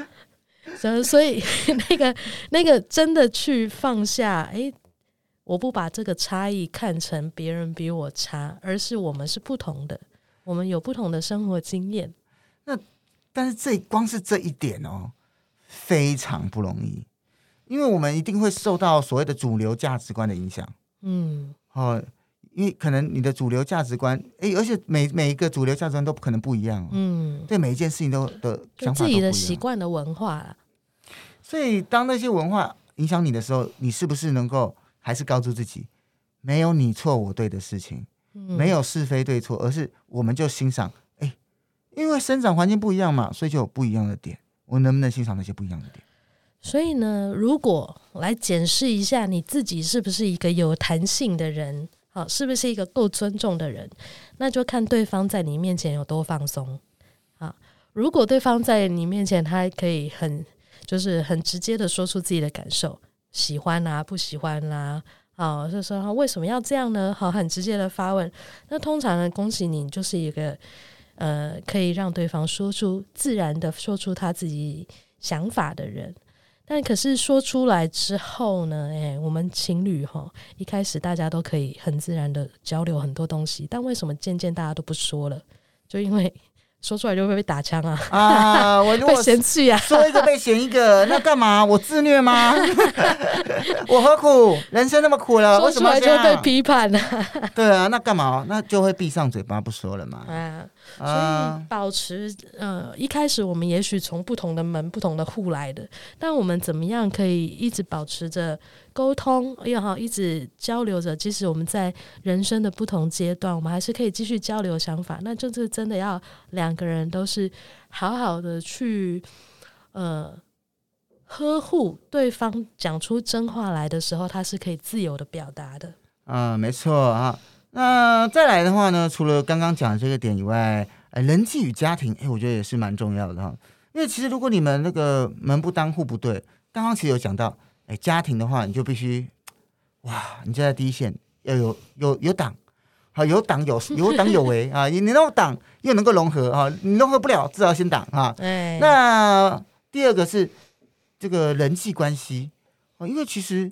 所以那個那個真的去放下，哎、欸，我不把這個差異看成別人比我差，而是我們是不同的，我們有不同的生活經驗，那。但是這光是這一點哦，非常不容易，因為我們一定會受到所謂的主流價值觀的影響。嗯，哦、呃，因為可能你的主流價值觀，哎、欸，而且每每一個主流價值觀都不可能不一樣、哦。嗯，對每一件事情都的想法都不一樣的習慣的文化、啊、所以當那些文化影響你的時候，你是不是能夠還是告訴自己，沒有你錯我對的事情，嗯、沒有是非對錯，而是我們就欣賞。因為生長環境不一樣嘛，所以就有不一樣的點。我能不能欣賞那些不一樣的點？所以呢，如果來檢視一下你自己是不是一個有彈性的人，好，是不是一個夠尊重的人？那就看對方在你面前有多放鬆。好，如果對方在你面前他還可以很就是很直接的說出自己的感受，喜歡啊，不喜歡啊，好，就說他為什麼要這樣呢？好，很直接的發問。那通常呢，恭喜你就是一個。呃，可以讓對方說出自然的說出他自己想法的人，但可是說出來之後呢？哎、欸，我們情侶哈，一開始大家都可以很自然的交流很多東西，但為什麼漸漸大家都不說了？就因為說出來就會被打槍啊！啊，我被嫌棄啊，說一個被嫌一個， 那幹嘛？我自虐嗎？ 我何苦？人生那麼苦了，說出來就被批判啊。對啊，那幹嘛？那就會閉上嘴巴不說了嘛。嗯、啊。所以保持呃，一開始我們也許從不同的門、不同的戶來的，但我們怎麼樣可以一直保持着溝通？哎呀，好，一直交流着，即使我們在人生的不同階段，我們還是可以繼續交流想法。那就是真的要兩個人都是好好的去呃呵護對方，講出真話來的時候，他是可以自由的表達的。嗯、呃，沒錯啊。那、呃、再來的話呢，除了剛剛講的這個點以外，哎，人際與家庭，哎、欸，我覺得也是蠻重要的哈。因為其實如果你們那個門不當戶不對，剛剛其實有講到，哎、欸，家庭的話，你就必須，哇，你就在第一線要有有有擋。好，有擋有有擋有為 啊，你能夠擋又能夠融合啊，你融合不了，至少先擋啊。對 那第二個是這個人際關係，哦，因為其實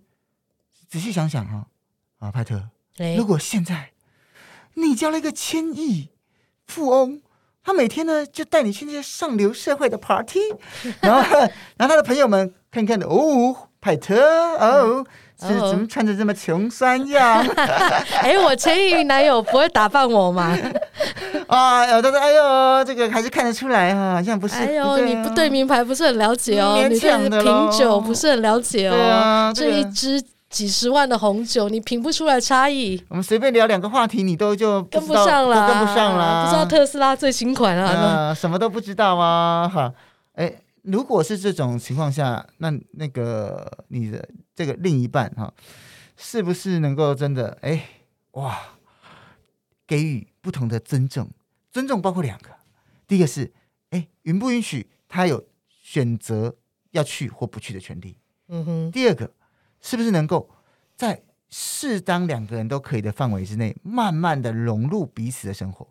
仔細想想哈，啊，派特，如果現在。你交了一個千億富翁，他每天呢就帶你去那些上流社會的 party，然後 然後他的朋友們看看的哦，派特哦，怎麼、嗯哦、怎麼穿着這麼窮酸樣？ 哎，我千億男友不會打扮我嗎？啊、 哎，他說哎呦，這個還是看得出來哈、啊，好像不是。哎呦，啊啊、你不對名牌不是很了解哦，你對、哦、品酒不是很了解哦。啊啊、這一支。幾十萬的紅酒，你品不出來差異。我們隨便聊兩個話題，你都就跟不上了，都跟不上了，啊，不知道特斯拉最新款啊？呃、那什麼都不知道嗎啊？哈，哎，如果是這種情況下，那那個你的這個另一半哈，啊，是不是能夠真的哎、欸、哇，給予不同的尊重？尊重包括兩個，第一個是哎、欸、允不允許他有選擇要去或不去的權利？嗯哼，第二個。是不是能夠在適當兩個人都可以的範圍之內，慢慢的融入彼此的生活？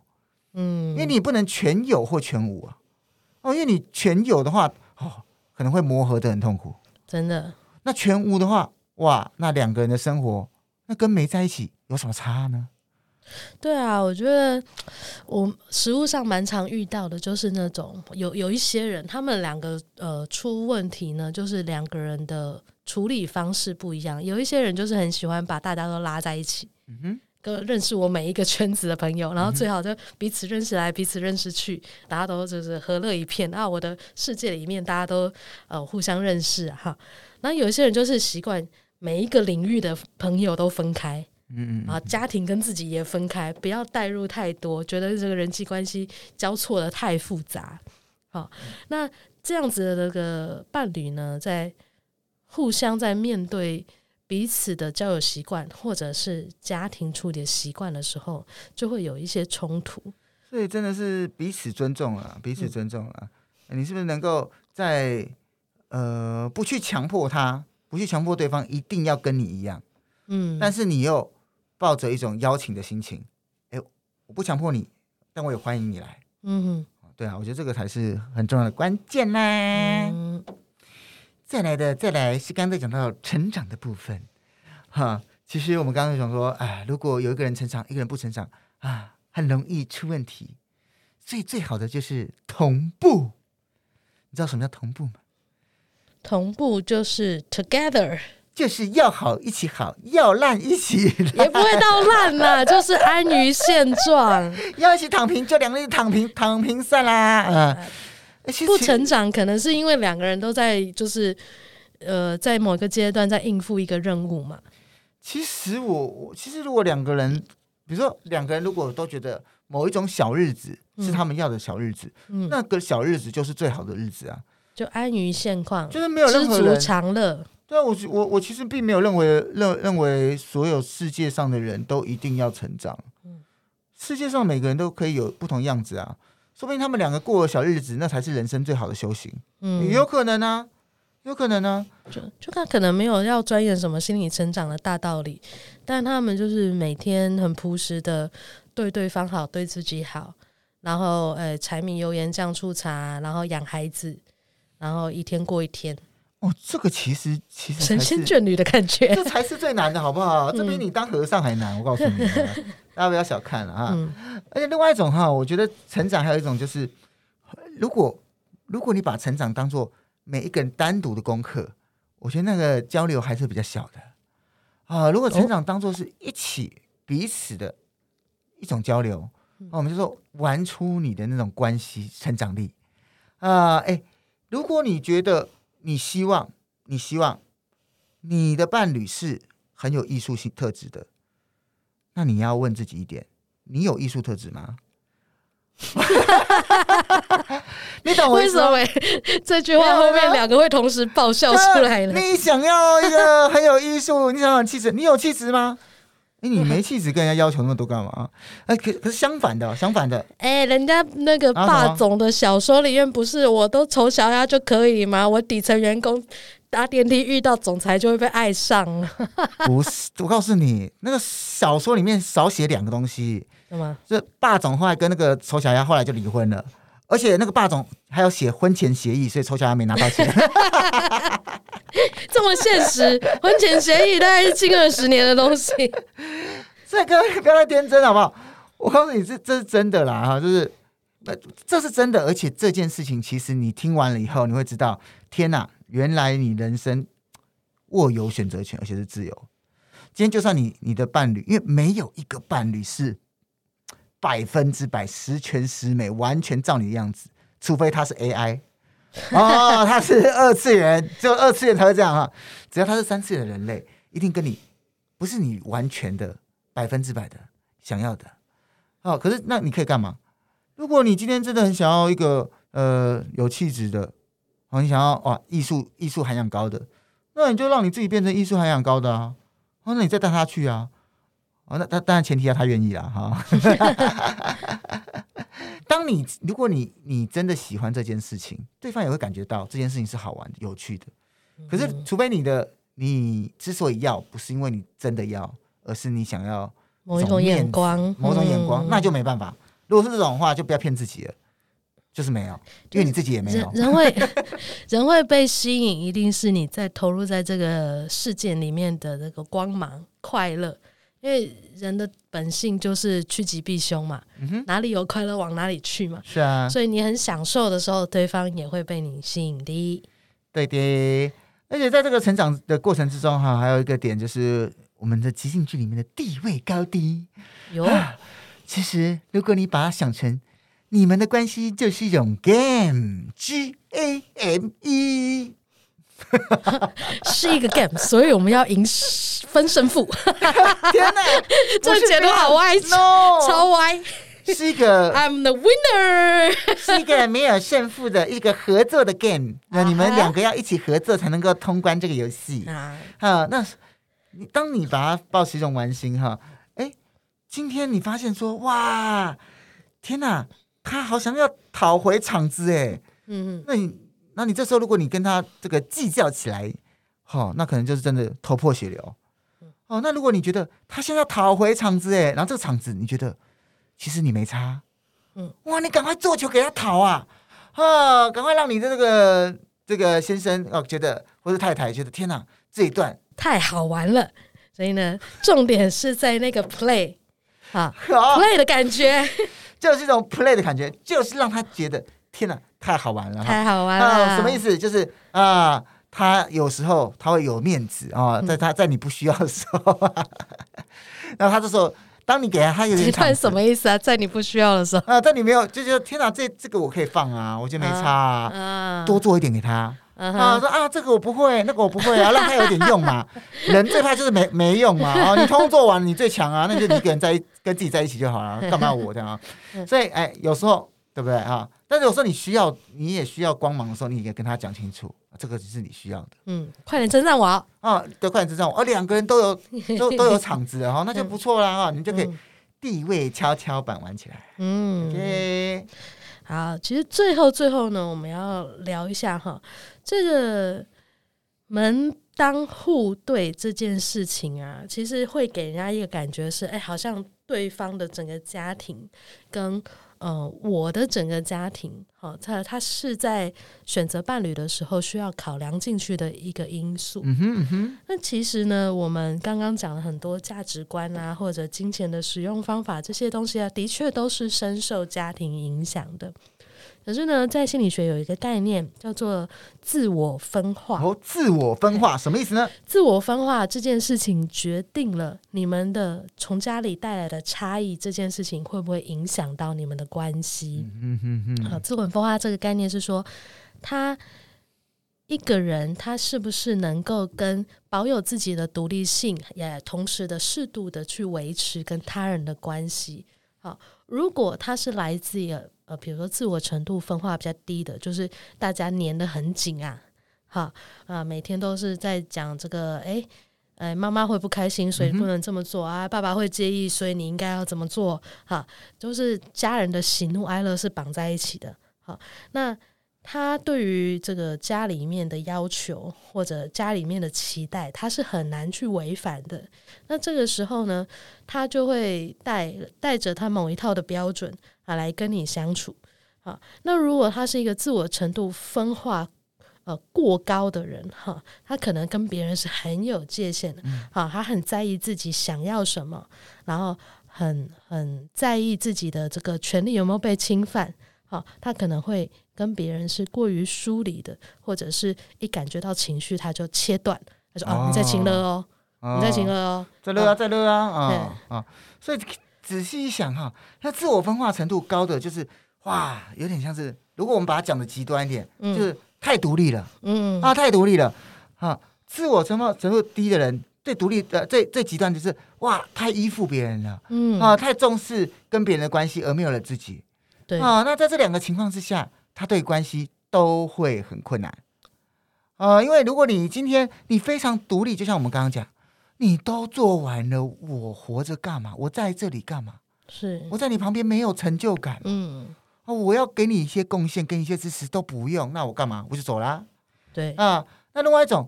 嗯，因為你不能全有或全無啊。哦，因為你全有的話，哦，可能會磨合得很痛苦。真的。那全無的話，哇，那兩個人的生活，那跟沒在一起有什麼差呢？對啊，我覺得我實務上蠻常遇到的，就是那種有有一些人，他們兩個呃出問題呢，就是兩個人的處理方式不一樣。有一些人就是很喜歡把大家都拉在一起，嗯、哼跟認識我每一個圈子的朋友，然後最好就彼此認識來，彼此認識去，大家都就是和樂一片啊。我的世界裡面，大家都呃互相認識、啊、哈。那有一些人就是習慣每一個領域的朋友都分開。嗯啊，家庭跟自己也分開，不要帶入太多，覺得這個人際關係交錯得太複雜。好，那這樣子的那個伴侶呢，在互相在面對彼此的交友習慣或者是家庭處理習慣的時候，就會有一些衝突。所以真的是彼此尊重了，彼此尊重了。嗯欸，你是不是能夠在呃，不去強迫他，不去強迫對方一定要跟你一樣？嗯，但是你又。抱着一種邀請的心情，哎，我不強迫你，但我也歡迎你來。嗯哼，對啊，我覺得這個才是很重要的關鍵啦。嗯、再來的再來是剛才講到成長的部分，哈、啊，其實我們剛剛講說，哎、啊，如果有一個人成長，一個人不成長啊，很容易出問題。最最好的就是同步，你知道什麼叫同步嗎？同步就是 together。就是要好一起好，要爛一起。也不會到爛嘛。 就是安於現狀， 要一起躺平，就兩個人躺平，躺平算啦。嗯，實不成長可能是因為兩個人都在，就是呃，在某個階段在應付一個任務嘛。其實我，我其實如果兩個人，比如說兩個人如果都覺得某一種小日子是他們要的小日子，嗯，那個小日子就是最好的日子啊，就安於現況，就是沒有任何人，知足常樂。但我我我其實並沒有認為認為認為所有世界上的人都一定要成長。嗯，世界上每個人都可以有不同樣子啊，說不定他們兩個過了小日子，那才是人生最好的修行啊。嗯，有可能啊，有可能啊就。就就他可能沒有要鑽研什麼心理成長的大道理，但他們就是每天很樸實的對對方好，對自己好，然後呃，柴米油鹽醬醋茶，然後養孩子，然後一天過一天。哦，這個其實其實是神仙眷侶的感覺，這才是最難的，好不好？嗯、這比你當和尚還難，我告訴你，嗯、大家不要小看了啊！嗯、而且另外一種哈，我覺得成長還有一種就是，如果如果你把成長當做每一個人單獨的功課，我覺得那個交流還是比較小的啊。如果成長當做是一起彼此的一種交流，那、哦啊、我們就說玩出你的那種關係成長力啊。哎，如果你覺得。你希望，你希望，你的伴侶是很有藝術性特質的，那你要問自己一點：你有藝術特質嗎？ 你懂我意思嗎？為什麼欸？這句話後面兩個會同時爆笑出來了、 啊？你想要一個很有藝術， 你想要氣質，你有氣質嗎？哎、欸，你沒氣質，跟人家要求那麼多幹嘛？哎、欸，可可是相反的，相反的。哎、欸，人家那個霸總的小說裡面不是，我都醜小鴨就可以嗎？我底層員工搭電梯遇到總裁就會被愛上。 不是，我告訴你，那個小說裡面少寫兩個東西。是嗎？就霸總後來跟那個醜小鴨後來就離婚了。而且那個霸總還要寫婚前協議，所以抽下還沒拿到錢。 這麼現實，婚前協議大概是近二十年的東西。帥 哥，不要太天真好不好？我告訴你，這這是真的啦哈，就是那這是真的，而且這件事情其實你聽完了以後，你會知道，天哪，原來你人生握有選擇權，而且是自由。今天就算你你的伴侶，因為沒有一個伴侶是。百分之百十全十美，完全照你的樣子，除非他是 AI，哦， 哦，他是二次元，就二次元才會這樣哈、啊。只要他是三次元的人類，一定跟你不是你完全的百分之百的想要的哦。可是那你可以幹嘛？如果你今天真的很想要一個呃有氣質的，哦，你想要哇藝術藝術涵養高的，那你就讓你自己變成藝術涵養高的啊，哦，那你再帶他去啊。哦，那當然前提要他願意啦哈。哦、 當你如果你你真的喜歡這件事情，對方也會感覺到這件事情是好玩有趣的。可是除非你的你之所以要，不是因為你真的要，而是你想要某一種眼光，某種眼光，那就沒辦法。如果是這種話，就不要騙自己了，就是沒有，因為你自己也沒有。人，人會 人會被吸引，一定是你在投入在這個事件裡面的那個光芒、快樂。因為人的本性就是趨吉避凶嘛，嗯、哼哪裡有快樂往哪裡去嘛。是啊，所以你很享受的時候，對方也會被你吸引的，對的。而且在這個成長的過程之中，哈，還有一個點就是我們的即興劇裡面的地位高低。有啊，其實如果你把它想成，你們的關係就是一種 game，G A M E。 是一個 game， 所以我們要贏分勝負。 天哪， 這節目好歪， No! 超歪！ 是一個 I'm the winner， 是一個沒有勝負的一個合作的 game、uh。那、huh. 你們兩個要一起合作才能夠通關這個遊戲、uh huh. 啊。那你當你把它抱起，一種玩心，哈，哎、啊，今天你發現說，哇，天哪，他好像要討回場子哎，嗯嗯、uh，huh. 那你。那你這時候，如果你跟他這個計較起來，哦，那可能就是真的頭破血流。哦，那如果你覺得他現在討回場子，哎，然後這個場子你覺得其實你沒差，嗯，哇，你趕快做球給他討啊，哦，趕快讓你的這個這個先生哦，覺得或者太太覺得，天哪，這一段太好玩了。所以呢，重點是在那個 play 啊，play 的感覺， 就是這種 play 的感覺，就是讓他覺得。天哪、啊，太好玩了！太好玩了、啊！什麼意思？就是啊、呃，他有時候他會有面子啊、呃，在他在你不需要的時候，然 後他就說：“當你給他，他有一點，什麼意思啊？在你不需要的時候啊，在、呃、你沒有就覺得天哪、啊，這這個我可以放啊，我就沒差啊，啊啊多做一點給他啊，啊，說啊，這個我不會，那個我不會啊， 讓他有點用嘛。 人最怕就是沒 沒用嘛啊，你通通做完你最強啊，那就你一個人在 跟自己在一起就好了，幹嘛我這樣？所以哎、呃，有時候對不對啊？但是有時候你需要，你也需要光芒的時候，你也跟他講清楚，啊、這個只是你需要的。嗯，嗯嗯快點稱讚我啊、哦！對，快點稱讚我。哦，兩個人都有，都 都有場子的哈、哦，那就不錯啦哈，嗯、你就可以地位蹺蹺板玩起來。嗯 o Okay 好，其實最後最後呢，我們要聊一下哈，這個門當戶對這件事情啊，其實會給人家一個感覺是，哎、欸，好像對方的整個家庭跟。呃、哦，我的整個家庭，哈、哦，他他是在選擇伴侶的時候需要考量進去的一個因素。嗯哼，嗯哼，那、嗯、其實呢，我們剛剛講了很多價值觀啊，對或者金錢的使用方法，這些東西啊，的確都是深受家庭影響的。可是呢，在心理學有一個概念叫做自我分化。哦，自我分化，欸，什麼意思呢？自我分化這件事情決定了你們的從家裡帶來的差異，這件事情會不會影響到你們的關係？嗯哼哼。好，自我分化這個概念是說，他一個人他是不是能夠跟保有自己的獨立性，也同時的適度的去維持跟他人的關係？好，如果他是來自於。呃，比如說自我程度分化比較低的，就是大家粘得很緊啊，好啊、呃，每天都是在講這個，哎、欸，呃、欸，媽媽會不開心，所以不能這麼做啊，嗯、哼爸爸會介意，所以你應該要怎麼做？哈，就是家人的喜怒哀樂是綁在一起的，好，那他對於這個家裡面的要求或者家裡面的期待，他是很難去違反的。那這個時候呢，他就會帶帶着他某一套的標準。啊、來跟你相處，好、啊。那如果他是一個自我程度分化呃過高的人哈、啊，他可能跟別人是很有界限的，好、嗯啊，他很在意自己想要什麼，然後很很在意自己的這個權利有沒有被侵犯，啊、他可能會跟別人是過於疏離的，或者是一感覺到情緒他就切斷，他說、哦、啊你在情勒哦，你在情勒哦，哦在勒、哦、啊，在勒啊，啊，啊對啊，所以。仔細一想哈，那自我分化程度高的就是哇，有點像是，如果我們把它講得極端一點，嗯、就是太獨立了，嗯，嗯啊，太獨立了，哈、啊，自我分程，程度低的人最獨立的最最極端就是哇，太依附別人了，嗯啊，太重視跟別人的關係而沒有了自己，對啊，那在這兩個情況之下，他對關係都會很困難，啊、呃，因為如果你今天你非常獨立，就像我們剛剛講。你都做完了，我活着幹嘛？我在這裡幹嘛？是，我在你旁邊沒有成就感。嗯、啊，我要給你一些貢獻跟一些支持都不用，那我幹嘛？我就走啦。對啊，那另外一種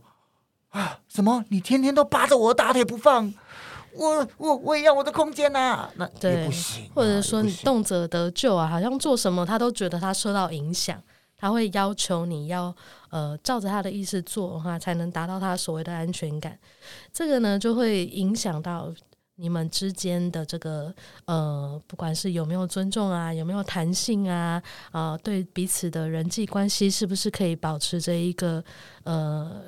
啊，什麼？你天天都扒着我大腿不放，我我我也要我的空間吶、啊。那對，不行、啊。或者說你動輒得咎啊，好像做什麼他都覺得他受到影響。他會要求你要呃照着他的意思做哈，才能達到他所謂的安全感。這個呢，就會影響到你們之間的這個呃，不管是有沒有尊重啊，有沒有彈性啊，啊、呃，對彼此的人際關係是不是可以保持着一個呃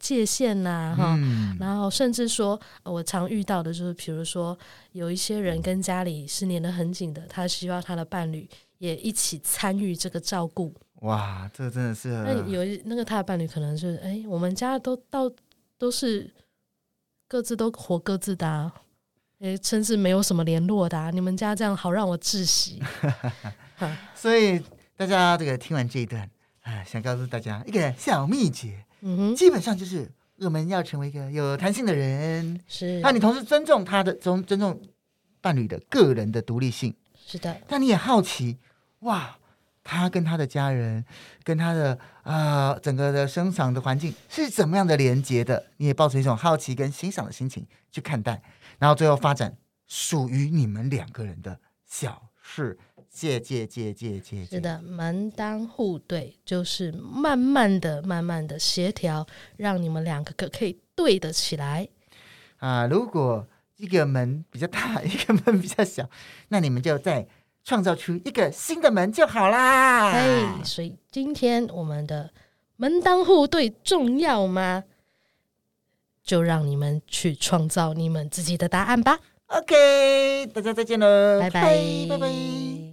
界限吶、啊？哈，嗯、然後甚至說，我常遇到的就是，比如說有一些人跟家裡是黏得很緊的，他希望他的伴侶也一起參與這個照顧。哇，這真的是……那有一那個他的伴侶可能是……哎，我們家都到都是各自都活各自的、啊，哎，甚至沒有什麼聯絡的、啊。你們家這樣好讓我窒息。 啊、所以大家這個聽完這一段，哎，想告訴大家一個小秘訣：嗯哼，基本上就是我們要成為一個有彈性的人，是。那你同時尊重他的尊尊重伴侶的個人的獨立性，是的。但你也好奇，哇。他跟他的家人，跟他的啊、呃，整個的生長的環境是怎麼樣的連接的？你也抱着一種好奇跟欣賞的心情去看待，然後最後發展屬於你們兩個人的小事，結結結結結，是的，門當戶對，就是慢慢的、慢慢的協調，讓你們兩個可可以對得起來。啊，如果一個門比較大，一個門比較小，那你們就在。創造出一個新的門就好啦。Hey, 所以，今天我們的門當戶對重要嗎？就讓你們去創造你們自己的答案吧。OK，大家再見囉，拜拜，拜拜。